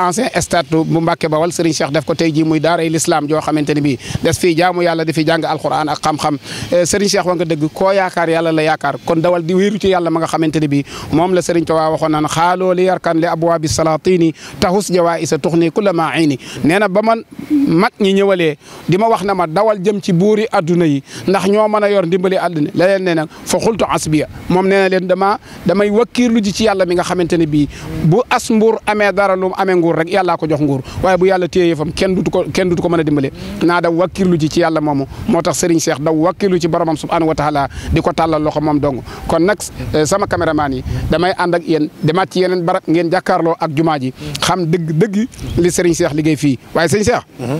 bawal sëriñ Cheikh def ko tey jii muy daaray lislaam joo xamante ne bii des fii jaamu yàlla di fi jàng alquran ak xam-xam eh, sëriñ Cheikh wa nga dëgg koo yaakaar yàlla la yaakaar kon dawal di wéeru ci yàlla ma nga xamante ne bii moom la sëriñ Tuubaa waxoon naan xaaloo li yarkan li abwaabi salaatini tahus jawaisa tuxni kulla ma ini nee na ba man mag ñi ñëwalee di ma wax na ma dawal jëm ci buuri adduna yi ndax ñoo mën a yor ndimbali adduna la leen nee na fa xultu asbiya moom nee na leen dama damay wakkiirlu ji ci yàlla mi nga xamante ne bii bu as nguur amee dara lu amee nguur rek yàllaa ko jox nguur bu yàlla téye yëfam kenn dutu ko kenn dutu ko mën a dimbale naa daw wakkirlu ji ci yàlla moomu moo tax Serigne Cheikh daw wakkirlu ci boromam subhanahu wa taala di ko tàllal loxo moom dong kon nag eh, sama caméraman yi damay ànd ak yéen demaat ci yeneen barab ngeen jàkkaarloo ak jumaa ji xam dëgg dëgg li Serigne Cheikh liggéey fii waaye Serigne Cheikh mhm.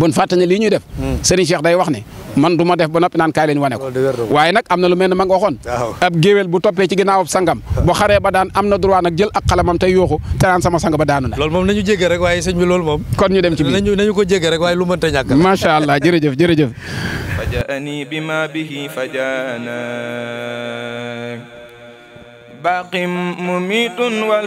bon fàttali ne def mhm. Serigne Cheikh day wax ne man du ma def ba noppi naan kaay leen wane waaye nag am na lu mel ne ma nga ah, ab géwél bu toppee ci ginnaawam sangam *laughs* bu xaree ba daan am na droit nag jël ak xalamam tey yooxu te naan sama sang ba daanu na loolu moom nañu jégge rek waaye sëñ bi loolu moom kon ñu dem ci biir nañu ko jégge rek waaye lu mënta ñàkk macha allah jërëjëf jërëjëf fajaani bima bihi fajaana baqim mumitun wal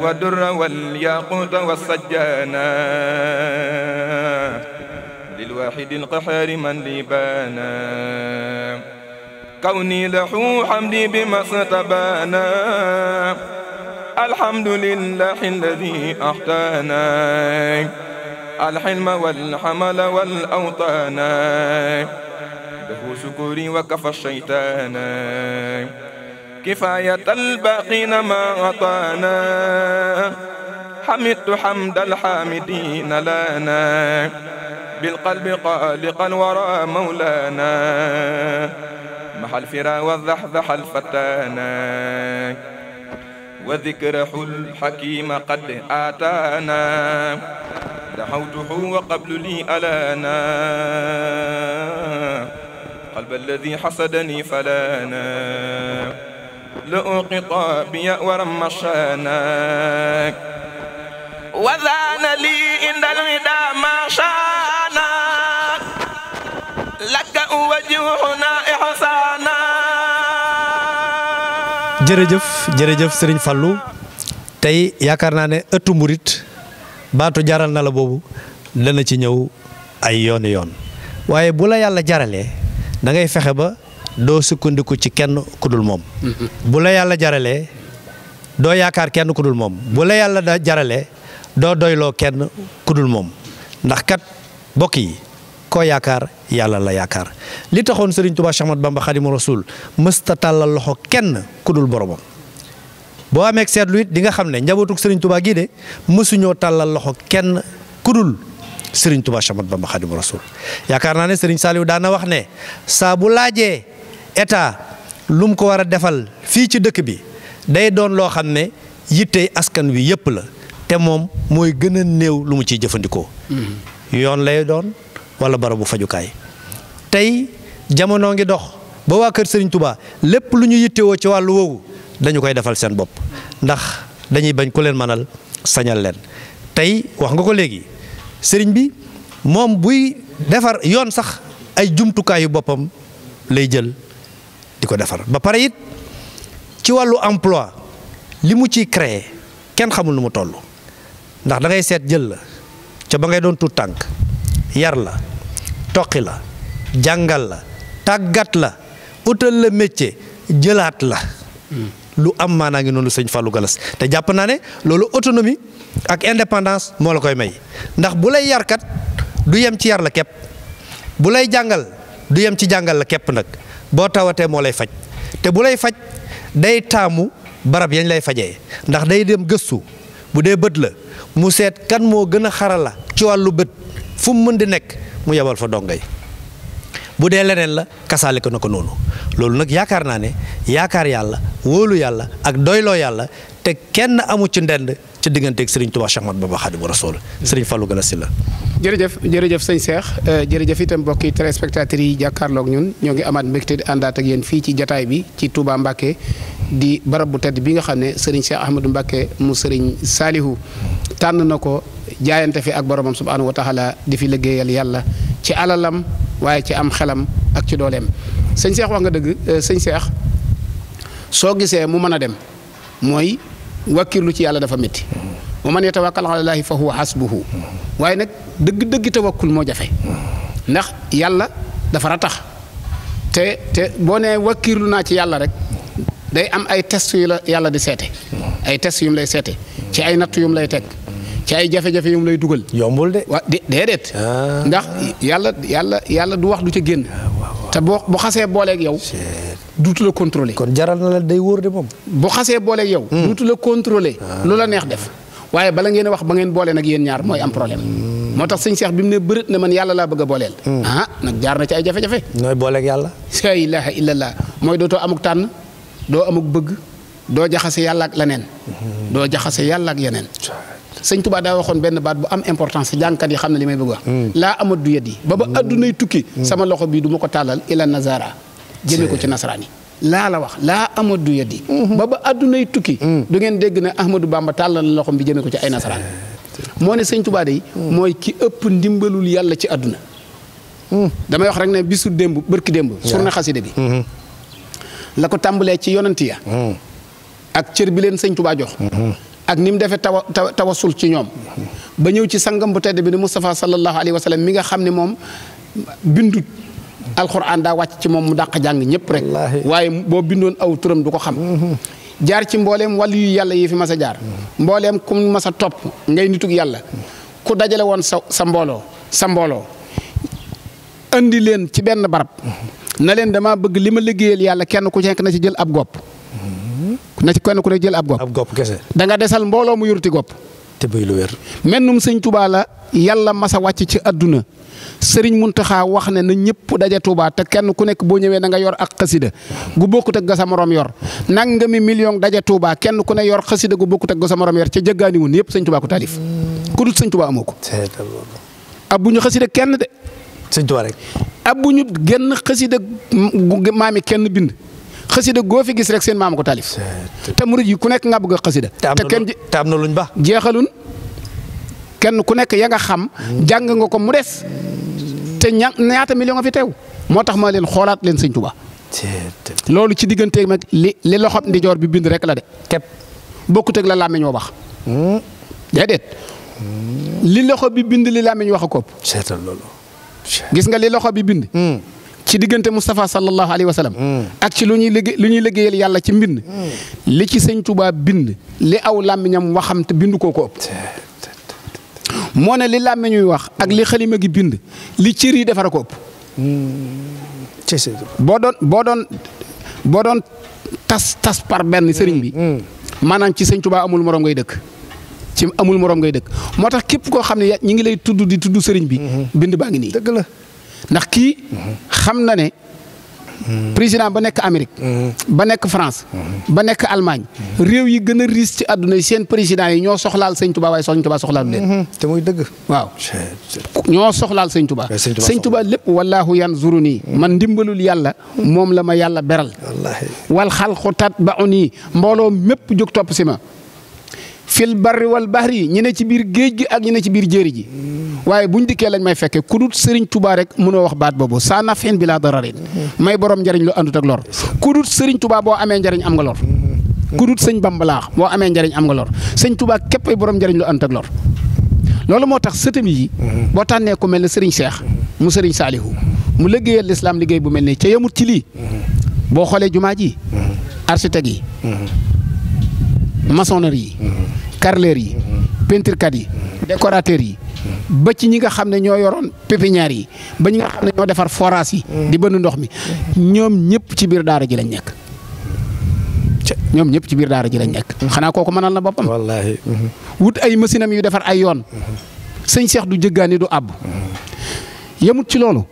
والدر والياقوت والسجانا للواحد القحار من لبانا كوني له حمدي بما استبانا الحمد لله الذي أحتانا الحلم والحمل والأوطانا له شكري وكفى الشيطانا كفاية الباقين ما أطانا حمدت حمد الحامدين لنا بالقلب قالقا وراء مولانا محى الفرا والذحذح الفتانا وذكره الحكيم قد آتانا دعوته وقبل لي ألانا قلب الذي حسدني فلانا لؤ قطابي ورم شاناك وذان لي عند الوداع ما شانا لك وجهنا إحسانا jërëjëf jërëjëf sëriñ Fallou tey yaakaar naa ne ëttu murit baatu jaral na la boobu dana ci ñëw ay yooni yoon waaye bu la yàlla jaralee da fexe ba doo sukkandiku ci kenn ku dul moom. bu la yàlla jaralee doo yaakaar kenn ku dul moom bu la yàlla da jaralee doo doyloo kenn ku dul moom ndax kat bokk yi koo yaakaar yàlla la yaakaar li taxoon sëriñ Touba Cheikh Ahmadou Bamba Khadimu Rasul mësta tàllal loxo kenn kudul dul boromam. boo amee seetlu it di nga xam ne njabootug Serigne Touba gii de mësuñoo tàllal loxo kenn ku dul Serigne Touba Cheikh Ahmadou Bamba Khadimu Rasul yaakaar naa ne Serigne Saliou daan wax ne saa bu état lum ko war a defal fii ci dëkk bi day doon loo xam ne yittey askan wi yëpp la te moom mooy gën a néew lu ciy jëfandikoo. Mm-hmm. yoon lay doon wala barabu fajukaay tey jamono ngi dox ba waa kër sëriñ Touba lépp lu ñu yittewoo ci wàllu woowu dañu koy defal seen bopp ndax dañuy bañ ku leen mënal sañal leen tey wax nga ko léegi sëriñ bi moom buy defar yoon sax ay jumtukaayu boppam lay jël. di ko defar ba pare it ci wàllu emploi li mu ci créer kenn xamul nu mu toll ndax da ngay seet jël la ca ba ngay doon tuut tànk yar la toqi la jàngal la tàggat la utal la métier jëlaat la hmm. lu am maanaa ngi noonu sëñ Fallou Galas te jàpp naa ne loolu autonomie ak indépendance moo la koy may ndax bu lay yarkat du yem ci yar la képp bu lay jàngal du yem ci jàngal la képp nag boo tawatee moo lay faj te bu lay faj day taamu barab yañ lay fajee ndax day dem gëstu bu dee bët la mu seet kan moo gën a xarala ci wàllu bët fu mu mën di nekk mu yebal fa dongay bu dee leneen la kasaale ko na ko noonu loolu nag yaakaar naa ne yaakaar yàlla wóolu yàlla ak doyloo yàlla te kenn amu ci ndend ca digganteeg Serigne Touba Cheikh Ahmadou Bamba Khadimou Rassoul Serigne Fallou Galass Sylla jërëjëf jërëjëf sëñ seex euh, jërëjëf itam mbokki téléspectateurs yi jàkkaarloog ñun ñoo ngi amaat mbégte di àndaat ak fii ci jataay bi ci Touba Mbacké di barab bu tedd bi nga xam ne Serigne Cheikh Ahmadou Mbacké mu Serigne Salihu tànn na ko jaayante fi ak boromam subhaanahu wa taala di fi liggéeyal yàlla ci alalam waaye ci am xelam ak ci dooleem sëñ Cheikh wax nga dëgg euh, sëñ Cheikh soo mu mën a dem wàkkirlu ci yàlla dafa métti wa man yatawakkal ala llaahi fa huwa hasbuhu waaye nag dëgg-dëgg tawakkul moo jafe ndax yàlla dafa ratax te te boo nee wàkkirlu naa ci yàlla rek day am ay testu yu la yàlla di seete ay test yum lay seete ci ay natt yum lay teg ci ay jafe-jafe yum lay dugal. yombul de wa déedéet ah. ndax yàlla yàlla yàlla du wax du ci génn ah, te boo bu xasee booleek yow duutu la contrôler. kon jaral na la day wóor de moom. bu xasee booleeg yow. Hmm. duutu la contrôler. Ah. lu la neex def. waaye bala ngeen wax ba ngeen boole nag yéen ñaar mooy am problème. Hmm. moo tax sëñ Cheikh bi mu ne bërët na man yàlla laa bëgg a booleel. Hmm. Ah, nag jaar na ci ay jafe-jafe. nooy yàlla. laa ilaaha illallah mooy dootoo amuk tànn doo amuk bëgg doo jaxase yàlla leneen. doo jaxase yàlla ak yeneen. sëñ Tuubaa daa waxoon benn baat bu am importance jàngkat yi xam ne li may bëgg wax. laa ama amadou yeddi ba ba addunay tukki. sama loxo bii du ma ko tàllal ila nazara jëmee ko ci nasaraan yi laa la wax laa amadu yadi mhm. ba ba addunay tukki mhm. du ngeen dégg na ne Ahmadou Bamba tàllal loxom bi jëmee ko ci ay nasaraan moo ne sëñ Tuubaa day mhm. mooy ki ëpp ndimbalul yàlla ci adduna damay wax rek ne bisu démb bërki démb surna xasida bi la ko tàmbalee ci yonent ya ak cër bi leen sëñ Tuubaa jox ak ni mu defee tawa tawasul ci ñoom ba ñëw ci sangam bu tedd bi ne Moustapha sallallahu alayhi wa sallam mi nga xam ne moom bindut alxuraan daa wàcc ci moom mu dàq jàng ñëpp rek waaye boo bindoon aw turam du ko xam mm-hmm. jaar ci mbooleem wàllu yu yàlla yi fi mas a jaar mm-hmm. mbooleem ku mas a topp ngay nitug yàlla mm-hmm. ku dajale woon sa sa mbooloo sa mbooloo indi leen ci benn barab na leen damaa bëgg li ma liggéeyal yàlla kenn ku nekk na ci jël ab gopp na kenn ku nekk jël ab gopp da nga desal mbooloo mu yurti gopp te bay lu wér. mennum sëñ Touba la yàlla masa wàcc ci àdduna sëriñ Muntaxa wax ne na ñëpp daje Touba te kenn ku nekk boo ñëwee na nga yor ak xasida gu bokkut ak ga sa morom yor nangami million daje Touba kenn ku ne yor xasida gu bokkut ak ga sa morom yor ca jëggaani woon yëpp sëñ ko taalif ku dul sëñ amoo ko. ab bu ñu xasida kenn de. rek. ab bu ñu genn xasida gu maami kenn bind. xasida goo fi gis rek seen maam ko taalif. te murid yi ku nekk nga bëgg a xasida. te kenn te am na luñ ba jeexalun kenn ku nekk ya nga xam. Hmm. jàng nga ko mu des. te ña ñaata million nga fi teew. moo tax ma leen xoolaat leen sëñ Tuubaa. loolu ci digganteeg nag li li loxob ndijoor bi bind rek la de. képp bokkut ak la làmmiñ woo baax. Hmm. déedéet hmm. li loxo bi bind li làmmiñ wax a kopp. seetal gis nga li loxo bi bind. ci diggante Moustapha sallallahu alayhi wa sallam mm. ak ci lu ñuy liggéey lu ñuy liggéeyal yàlla ci mbind mm. li ci sëñ Tuubaa bind li aw làmmiñam waxam te bind koo ko ëpp moo ne li làmme ñuy wax ak li xalima gi bind li cër yi defar ko ëpp. Mm. boo doon boo doon boo doon tas tas par benn sëriñ bi. maanaam ci sëñ Tuubaa amul morom ngay dëkk. ci amul morom ngay dëkk moo tax képp koo xam ne ñi ngi lay tudd di tudd sëriñ bi. Mm-hmm. bind baa ngi nii dëgg la. ndax kii xam na ne président ba nekk Amérique ba nekk France ba nekk Allemagne réew yi gën a riis ci àdduna yi seen président yi ñoo soxlaal sëñ Tuba waaye sëñ Tuba soxlaalu mhm. dëgg waaw ñoo soxlaal sëñ Tuba sëñ Tuba lépp wallaahu yanzuru nii man ndimbalul yàlla moom la ma yàlla beral wal xalqu tatbauni mbooloo mépp jóg topp si ma fil barri wal bahri ñi ne ci biir géej gi ak ñi ne ci biir jéeri ji waaye buñ dikkee lañ may fekkee ku sëriñ tubaa rek mënoo wax baat boobu saa nafin bi laa dararin may borom njariñ lu àndut ak lor ku dut boo amee njariñ am nga lor sëñ Bamba laax boo amee njariñ am nga lor sëñ Touba képp borom njariñ lu àndut loolu moo tax sëtam yi boo tànnee ku mel ne sëriñ Seex mu sëriñ Saalihu mu liggéeyal lislaam liggéey bu mel ne ca yemut ci lii boo xoolee jumaa ji architecte yi maçonnerie yi carreleurs yi peinturekat yi décorateur yi ba ci ñi nga xam ne ñoo yoroon ñaar yi ba ñi nga xam ne ñoo defar forage yi di bënn ndox mi ñoom ñëpp ci biir daara ji lañ nekk ñoom ñëpp ci biir daara ji lañ nekk xanaa kooku mënal na boppam wallaahi wut ay machine am yu defar ay yoon sëñ Cheikh du jëggaani du àbb yemut ci loolu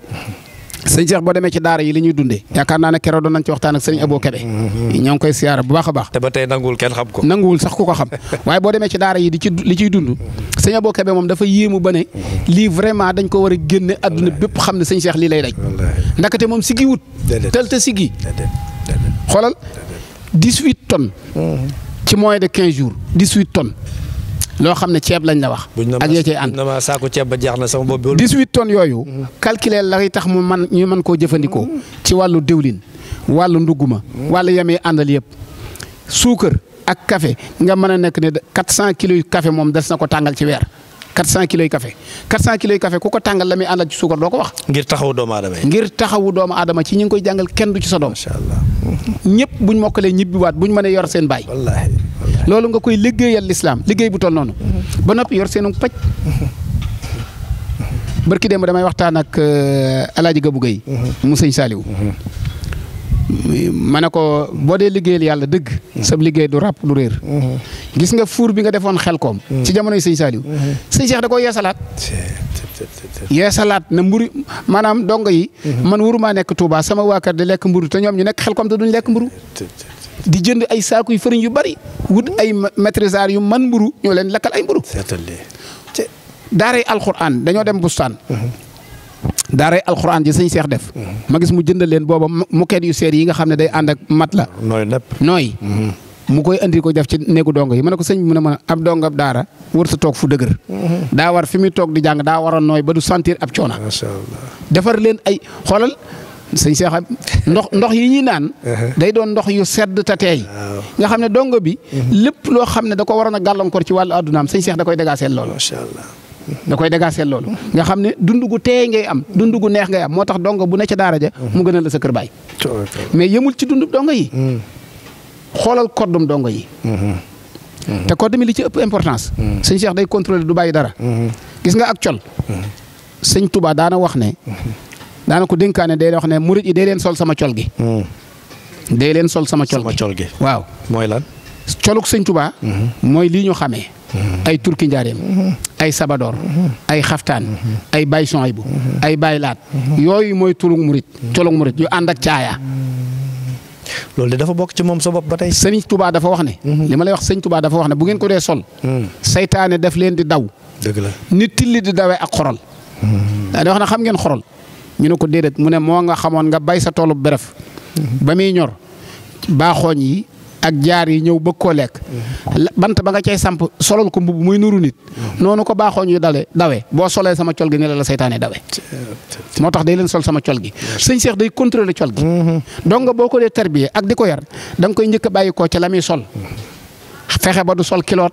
sëñ Cheikh boo demee ci daara yi li ñuy dundee yaakaar naa ne keroog doon nañ ci waxtaan ak mm-hmm. ngi koy siyaara bu baax a baax ba tey nanguwul kenn xam ko nanguwul sax ku ko xam *laughs* waaye boo demee ci daara yi di ci li ciy dund sëñ Abo moom dafa yéemu ba ne lii vraiment dañ ko war a génne àdduna bépp xam ne sëñ Cheikh lii lay daj ndakate moom siggi wut tel te siggi xoolal 18 tonnes mm-hmm. ci moins de 15 jours 18 tonnes loo xam ne ceeb lañ la wax. ak ya cay ànd buñ saako ceeb ba jeex na sama bopp bi. 18 tonnes yooyu. Mm-hmm. calculer lay tax mu man ñu mën koo jëfandikoo. Mm-hmm. ci wàllu diwlin wàllu nduguma. Mm-hmm. wàllu yamee àndal yëpp. suukar ak café nga mën a nekk ne 400 kilos yu café moom des na ko tàngal ci weer. 400 kilos yu café 400 kilos yu café ku ko tàngal la muy àndal ci suukar doo ko wax. ngir taxawu doomu aadama yi. ngir taxawu doomu aadama ci ñu ngi koy jàngal kenn du ci sa doom. macha allah ñëpp buñ mokkalee ñibbiwaat buñ mënee yor seen baay. wallaahi. loolu nga koy liggéeyal lislaam liggéey bu toll noonu. Mm-hmm. ba noppi yor seenu paj mm-hmm. barki démb damay waxtaan ak euh, alaaji Gabu Gay mm-hmm. mu sëñ Saaliw ma ne ko boo dee liggéeyal yàlla dëgg sab liggéey du ràpp du réer gis nga fuur bi nga defoon xel koom ci jamonoy sëñ Saaliw sëñ Cheikh da ko yeesalaat yeesalaat na mburu maanaam dongo yi man wuru maa nekk Touba sama waa kër di lekk mburu te ñoom ñu nekk xel koom te duñ lekk mburu di jënd ay yu fëriñ yu bari wut ay maîtrisards yu man mburu ñoo leen lakkal ay mburu daaray alxuraan dañoo dem bustaan mm-hmm. daaray alxuraan ji sëñ seex def mm-hmm. magis mu jëndal leen booba moquette yu seer yi nga xam ne day ànd ak mat la nooy nepp nooy mm-hmm. mu koy andi ko def ci néegu dongo yi ma ne ko sëñ bi mu ne ma ab dongo ab daara wër sa toog fu dëgër daa war fi muy toog di jàng daa war a nooy ba du sentir ab coona defar leen ay xoolal sëñ am ndox ndox yi ñuy naan. Uh-huh. day doon ndox yu sedd te teey nga xam ne dongo bi. Uh-huh. lépp loo xam ne da ko waroon a gàllankoor ci wàllu addunaam sëñ Cheikh da koy dégaaseel loolu. macha allah. da koy dégaaseel loolu. nga xam ne dund gu teey ngay am dund gu neex ngay am moo tax dongo bu ne ca daara ja uh-huh. mu gën a la sa kër baay. mais yëmul ci dundub dongo yi. Hmm. xoolal koddum dongo yi. Hmm. Hmm. te kodd li ci ëpp importance. sëñ Cheikh day contrôler du bàyyi dara. gis nga ak col. sëñ Touba daana ko dénkaane day wax ne murit yi day leen sol sama col gi. Hmm. day leen sol sama col gi sama col waaw mooy lan. coluk sëñ Tuubaa. Hmm. mooy lii ñu xamee. Hmm. ay turki njaareem ay sabadoor ay xaftaan ay bay son bu ay baylaat yooyu mooy tulug murit colug murit yu ànd ak caaya loolu de dafa bokk ci moom sa bopp ba tey sëñ Tuubaa dafa wax ne li ma lay wax sëñ Tuubaa dafa wax ne bu ngeen ko dee sol saytaane daf leen di daw la nit tilli di dawee ak xorol daa wax na xam ngeen xorol ñu ne ko déedéet mu ne moo nga xamoon nga bay sa toolu beref ba muy ñor baaxooñ yi ak jaar yi ñëw bëgg koo lekk bant ba nga cay samp solal ko mbubb muy nuru nit noonu ko baaxooñ yu dale dawe boo solee sama col gi ni la la seytaane dawe moo tax day leen sol sama col gi sëñ Seex day contrôler col gi donc nga boo ko dee tarbiye ak di ko yar da nga koy njëkk a bàyyi koo ca la muy sol fexe ba du sol kiloot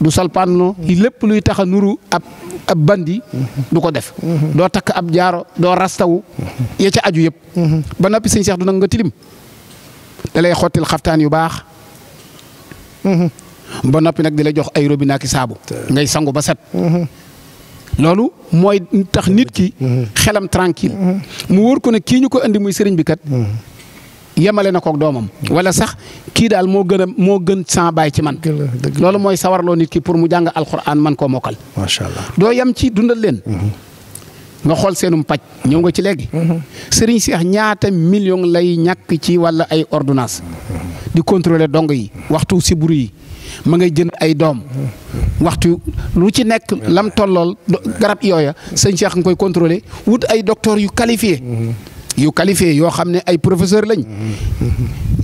du salpaanloo lépp luy tax a nuru ab ab bandi du ko def doo takk ab jaaro doo rastawu ya ca aju yëpp ba noppi sëñ Seex du nag nga tilim da lay xottil xaftaan yu baax ba noppi nag di la jox ay robinet ak saabu ngay sangu ba set loolu mooy tax nit ki mm-hmm. xelam tranquille mu wóor ko ne kii ñu ko indi muy sëriñ bi kat mm-hmm. yemale na kook doomam wala sax kii daal moo gën moo gën sans baay ci man loolu mooy sawarloo nit kii pour mu jàng alxuraan man koo mokkal macha doo yem ci dundal leen mm-hmm. nga xool seenum paj ñëw nga ci lekk sëriñ Seex ñaata million lay ñàkk ci walla ay ordonnance mm-hmm. di contrôler dong yi waxtu si siburu yi ma ngay jën ay doom mm-hmm. waxtu lu ci nekk lam tollool garab yooya sëñ Seex nga koy contrôler wut ay docteur yu qualifié yu qualifié yoo xam ne ay professeur lañ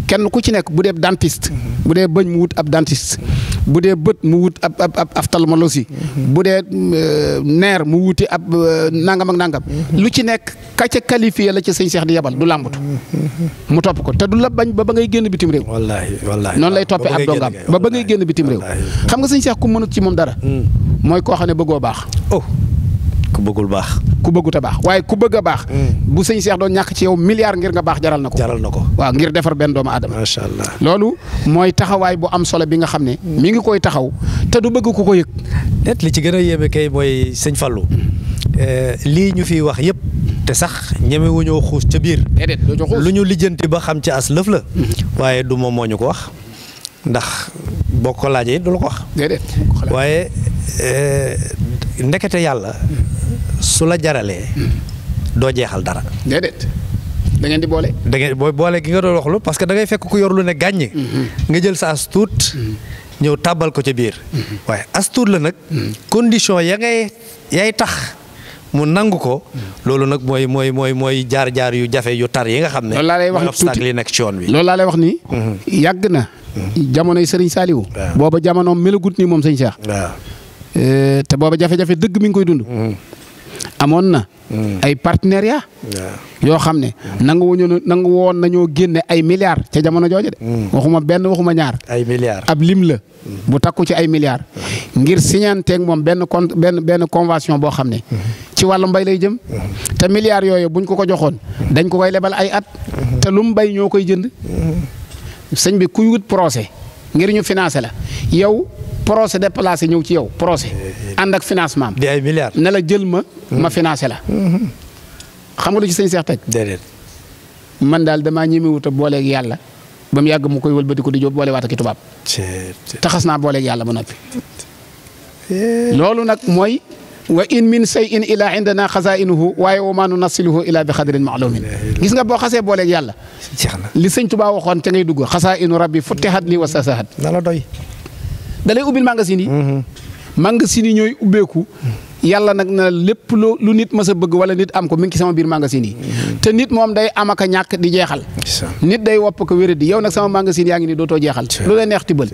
kenn ku ci nekk bu dee dentiste bu dee bëñ mu wut ab dentiste bu dee bët mu wut ab ab ab ophtalmologie bu dee euh, neer mu wuti ab euh, nangam ak nangam lu ci nekk ka ca qualifié la ci sëñ Cheikh di yebal du làmbatu mu topp ko te du la bañ ba ba ngay génn bitim réew wallaahi wallaahi noonu lay toppee ab dongam ba ba ngay génn bitim réew xam nga sëñ Cheikh ku mënut ci moom dara hmm. mooy koo xam ne bëggoo baax oh. ku bëggul baax ku bëggut a baax waaye ku bëgg a baax mm. bu sëñ seex doon ñàkk ci yow milliard ngir nga baax jaral na ko jaral na ko waaw ngir defar benn doomu aadama allah loolu mooy taxawaay bu am solo bi nga xam ne mi ngi koy taxaw te du bëgg ku ko yëg ci gën a yéeme kay mooy sëñ Fallu mm. eh, lii ñu fi wax yëpp te sax ñeme wu xuus ca biir lu ñu lijjanti ba xam ci as lëf la mm. waaye du moom moo ñu ko wax ndax boo ko laajee du la ko wax waaye eh, ndekete yàlla su la jaralee doo jeexal dara. déedéet da ngeen di boole. da ngeen booy boole gi nga doon wax lu parce que da ngay fekk ku yor lu ne gàññ mm-hmm. nga jël sa as tuut. Mm-hmm. ñëw tàbbal ko ca biir. Mm-hmm. waaye as tuut la nag. condition ya ngay yay tax. mu nangu ko loolu nag mooy mooy mooy mooy jaar-jaar yu jafe yu tar yi nga xam ne. loolu laa lay wax obstacle yi nekk ci yoon bi. loolu laa lay wax nii. yàgg na. jamonoy Serigne Saliou. booba jamonoom melagut nii moom sëñ Cheikh. Euh, te booba jafe-jafe dëgg mi ngi koy dund. Mm. amoon na. Mm. ay partenariat yoo xam ne mm. nangu woon nangu woon nañoo génne ay milliards ca jamono jooju de. waxuma benn waxuma ñaar. ay milliards ab lim la. bu takku ci ay milliards. ngir siñanteeg moom benn con benn benn convention boo xam ne. ci wàllu mbay lay jëm. te milliards yooyu buñ ko ko joxoon. dañ ko koy lebal ay at. te lum mu bay ñoo koy jënd. sëñ bi kuy wut procès ngir ñu financé la yow. procès déplacé ñëw ci yow procès eh, eh. ànd ak financement di ay milliards ne la jël ma mm-hmm. ma financé la mm-hmm. xam nga lu ci sëñ Seex teg man daal damaa ñemewut a booleeg yàlla ba mu yàgg mu koy wëlbati ko di jóob boole waat ak i tubaab taxas naa booleeg yàlla ba noppi eh. loolu nag mooy wa in min shay in ilaa indana xazainuhu waaye wa maa nunassiluhu ilaa bi xadrin maalumin gis nga boo xasee booleeg yàlla li sëñ Tuubaa waxoon ca ngay dugg xasainu rabbi futtihat li wa sasahat na la doy da lay ubbil magasin yi. Mm-hmm. magasin yi ñooy ubbeeku. yàlla nag na lépp lu lu nit mës sa bëgg wala nit am ko mi ngi ci sama biir magasin yi mm-hmm. te nit moom day am ak a ñàkk di jeexal nit day wopp ko wéra di yow nag sama magasin yaa ngi ni dootoo jeexal lu la neex ti tibal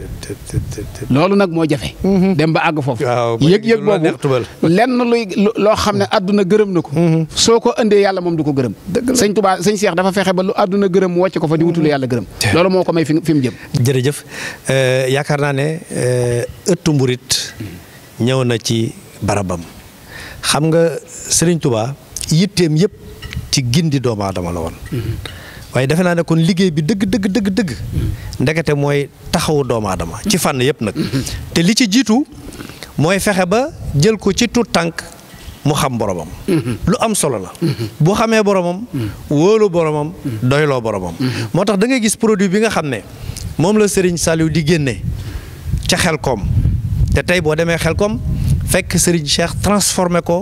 loolu nag moo jafe mm-hmm. dem ba àgg foofu yëg-yëg boobu lenn luy loo xam ne adduna gërëm na ko mm-hmm. soo ko indee yàlla moom du ko gërëm sëñ Tuubaa sëñ Seex dafa fexe ba lu adduna gërëm wàcc ko fa di wutulu yàlla gërëm loolu moo ko may fi fi mu j euh, yaakaar naa ne euh, ëttu na ci xam nga sëriñ Touba yitteem yëpp ci gindi doomu aadama la woon. Mm-hmm. waaye defe naa ne kon liggéey bi dëgg dëgg dëgg dëgg. Mm-hmm. ndekete mooy taxawu doomaadama ci fànn yëpp nag. Mm-hmm. te li ci jiitu mooy fexe ba jël ko ci tuut tànk mu xam boromam. lu am solo la. bu xamee boromam. wóolu boromam. doyloo boromam. moo tax dangay gis produit bi nga xam ne moom la Serigne Saliou di génne ca xel koom te tey boo demee xel koom. fekk Serigne Cheikh transformé ko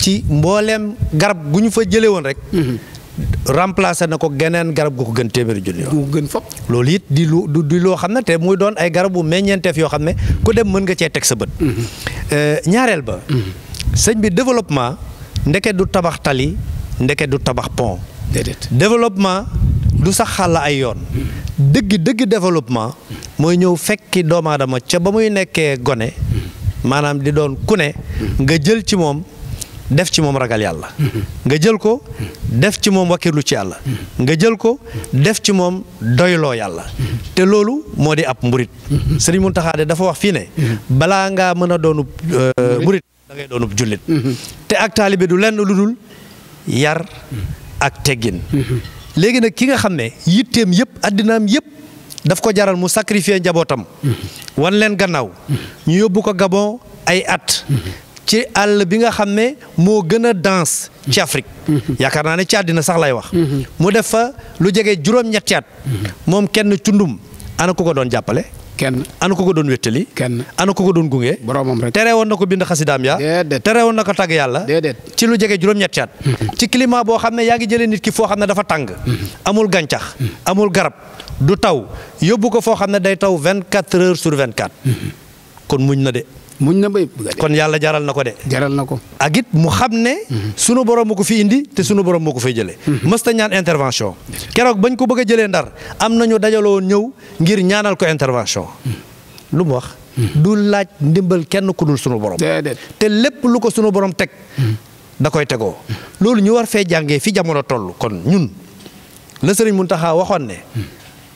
ci mbooleem garab gu ñu fa jëlee woon rek. Mhm. remplacé na ko geneen garab gu ko gën téeméeri junni yoon. gën fop loolu it di lu di loo xam ne te muy doon ay garabu meññeenteef yoo xam ne ko dem mën nga cee teg sa bët. Mhm. Euh, ñaareel ba. Mhm. sëñ bi développement ndeke du tabax tali ndeke du tabax pont. développement du sax xàll ay yoon. dëgg dëgg développement mooy ñëw fekki doomu aadama ca ba muy nekkee gone. maanaam di doon ku nga jël ci moom def ci moom ragal yàlla nga jël ko def ci moom wakkirlu ci àlla nga jël ko def ci moom doyloo yàlla te loolu moo di ab mburit sëriñ Muntaxa de dafa wax fii ne balaa ngaa mën a doonub euh, mburit da ngay doonub jullit te ak taalibe du lenn lu dul yar ak teggin léegi nag ki nga xam ne yitteem yëpp addinaam yëpp daf ko jaral mu sacrifier njabootam. wan leen gannaaw. ñu yóbbu ko Gabon ay at. ci àll bi nga xam ne moo gën a danse ci Afrique. yaakaar naa ne ci àddina sax lay wax. mu def fa lu jege juróom-ñetti at. moom kenn tundum ana ku ko doon jàppale. kenn ana ko ko doon wéttali kenn ana ko doon gunge boromam na ko bind xasidaam ya déedéet na ko tagg yàlla ci lu jege juróom-ñetti at hmm. ci climat boo xam ne yaa ngi jëlee nit ki foo xam ne dafa tàng hmm. amul gàncax hmm. amul garab du taw yóbbu ko foo xam ne day taw vingt quatre heures sur vingt quatre kon muñ na de muñ na bay kon yàlla jaral na ko de. jaral na ko ak it mu xam ne. Mhm. sunu borom moo ko fi indi te sunu borom moo ko fay jëlee. Mhm. mësta ñaan intervention. keroog bañ ko bëgg a jëlee ndar am na ñu dajaloo ñëw ngir ñaanal ko intervention. Mhm. lu mu wax. du laaj ndimbal kenn ku dul sunu borom. te lépp lu ko sunu borom teg. da koy tegoo. loolu ñu war fee jàngee fi jamono toll kon ñun la mun taxaa waxoon ne.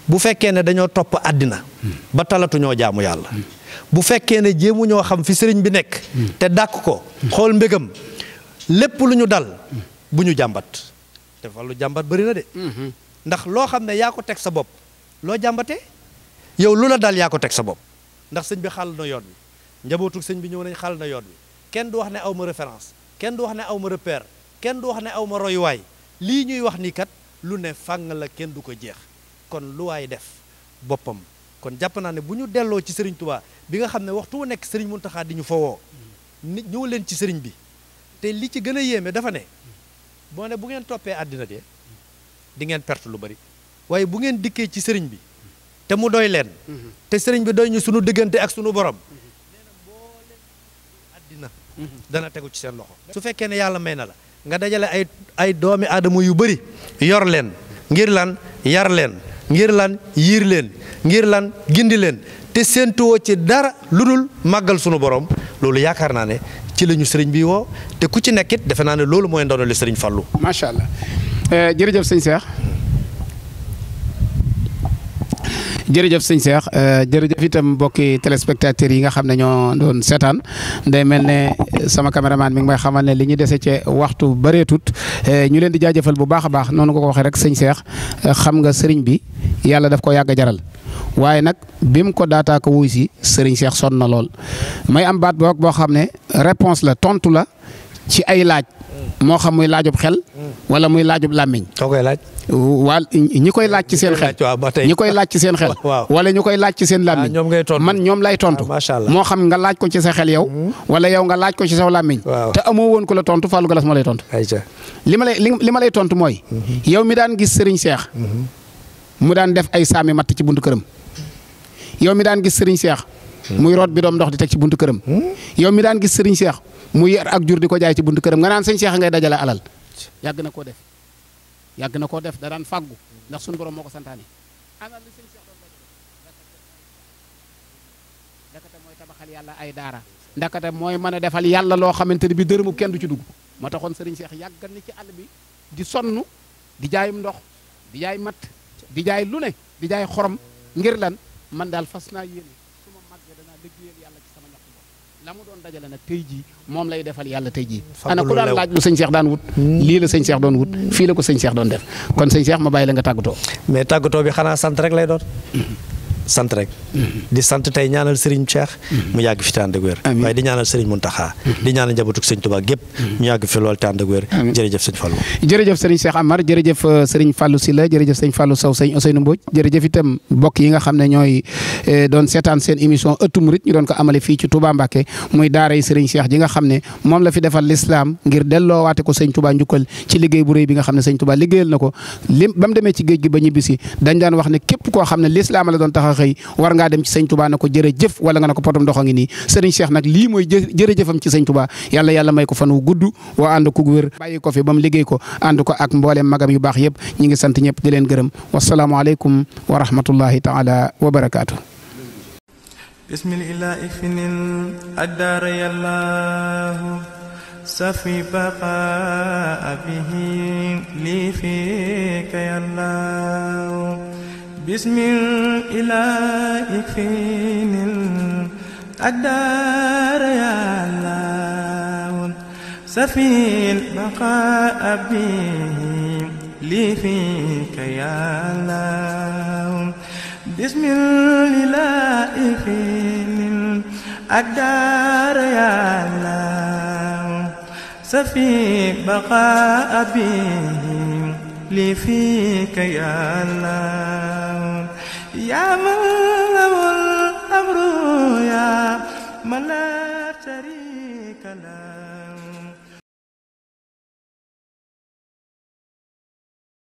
bu fekkee ne dañoo topp àddina. ba talatu ñoo jaamu yàlla. bu fekkee ne jéemu ñoo xam fi sëriñ bi nekk te dàkk ko xool mbégam lépp lu ñu dal bu ñu jàmbat te wàllu jàmbat bëri na de ndax loo xam ne yaa ko teg sa bopp loo jàmbatee yow lu la dal yaa ko teg sa bopp ndax sëñ bi xàll na yoon wi njabootu sëñ bi ñëw nañ xal na yoon wi kenn du wax ne aw ma référence kenn du wax ne aw ma kenn du wax ne aw ma royuwaay lii ñuy wax nii kat lu ne fànn la kenn du ko jeex kon lu waay def boppam kon jàpp naa ne bu ñu delloo ci sëriñ Touba bi nga xam ne waxtu wu nekk sëriñ Mountakha di ñu fowoo nit ñëw leen ci sëriñ bi te li ci gën a yéeme dafa ne boo ne bu ngeen toppee àddina de di ngeen perte lu bari waaye bu ngeen dikkee ci sëriñ bi te mu doy leen te sëriñ bi doy ñu sunu diggante ak sunu borom àddina dana tegu ci seen loxo su fekkee ne yàlla may na la nga dajale ay ay doomi aadama yu bari yor leen ngir lan yar leen ngir lan yiir leen ngir lan gindi leen te séentuwoo ci dara lu dul màggal sunu borom loolu yaakaar naa ne ci lañu ñu sëriñ bi woo te ku ci nekkit defe naa ne loolu mooy ndono li sëriñ Fallu. allah eh, jërëjëf sëñ Cheikh jërëjëf sëñ Cheikh euh, jërëjëf itam mbokki téléspectateurs yi nga xam ne ñoo doon seetaan day mel ne sama caméraman mi ngi may xamal ne li ñu dese cee waxtu bëreetut euh, ñu leen di jaajëfal bu baax a baax noonu nga ko waxee rek sëñ Cheikh euh, xam nga sëriñ bi yàlla def ko yàgg a jaral. waaye nag bi mu ko daataa ko si sëriñ Cheikh sonn na lool may am baat boo boo xam ne réponse la tontu la. ci ay laaj. moo xam muy laajub xel. wala muy laajub làmmiñ. soo koy laaj. waa ñi koy laaj ci seen xel ñi koy laaj ci seen xel. *laughs* wala ñu koy laaj ci seen làmmiñ. Ah, man ñoom lay tontu. Ah, moo xam nga laaj ko ci sa xel yow. Hmm? wala yow nga laaj ko ci sa làmmiñ. te amoo woon ko la tontu Fallou Gallas moo lay tontu. li ma lay li ma tontu mooy. Hmm. yow mi daan gis Serigne Cheikh. Hmm. mu daan def ay saami mat ci bunt këram. yow mi daan gis Serigne Cheikh. muy root bi doom ndox di teg ci buntu këram. yow mi daan gis sëriñ seex muy yar ak jur di ko jaay ci buntu këram nga naan sëñ Cheikh ngay dajale alal yàgg na koo def yàgg na koo def da daan fàggu ndax suñu borom moo ko santaane. ndakate mooy tabaxal yàlla ay daara ndakate mooy mën a defal yàlla loo xamante ni bi dërëmu kenn du ci dugg moo taxoon sëriñ seex yàggal na ci àll bi di sonn di jaayum ndox di jaay matt di jaay lu ne di jaay xorom ngir lan man daal fas naa yéene. dajale nag tey jii moom lay defal yàlla tey jii ana ku daan laaj lu sëñ Cheikh daan wut hmm. lii la sëñ Cheikh doon wut fii la ko sëñ Cheikh doon def kon sëñ Cheikh ma bàyyi la nga tàggatoo mais tàggatoo bi xanaa sant rek lay doon hmm. sant rek. di sant tey ñaanal Serigne Cheikh. mu yàgg fi te ànd ak wér. waaye di ñaanal Serigne Mountakha. di ñaanal njabootug Serigne Touba gépp. ñu yàgg fi lool te ànd ak wér. jërëjëf Serigne Fallou. jërëjëf Serigne Cheikh Amar jërëjëf euh, Serigne Fallou Sylla jërëjëf Serigne Fallou Sow Serigne Ousseynou jërëjëf itam mbokk yi nga xam ne ñooy euh, doon seetaan seen émission Ëttu ñu doon ko amale fii ci Touba Mbacké muy daaray Serigne Cheikh ji nga xam ne moom la fi defal l'islam ngir delloowaate ko Serigne Touba njukkal ci liggéey bu réy bi nga xam ne Serigne ko lim ba nga xëy war ngaa dem ci sëñ Touba na ko jërëjëf wala nga ne ko potum ndox a ngi nii sëriñ Cheikh nag lii mooy jërëjëfam ci sëñ Touba yàlla yàlla may ko fan wu gudd waa ànd ko wér bàyyi ko fi ba mu liggéey ko ànd ko ak mbooleem magam yu baax yëpp ñi ngi sant ñëpp di leen gërëm wasalaamaaleykum wa rahmatullahi taala wa barakaatu بسم الإله يكفيني الدار يا الله سفي البقاء به لي فيك يا الله بسم الإله يكفيني الدار يا الله سفي بقاء به لي فيك يا الله يا من له الأمر يا من لا تريد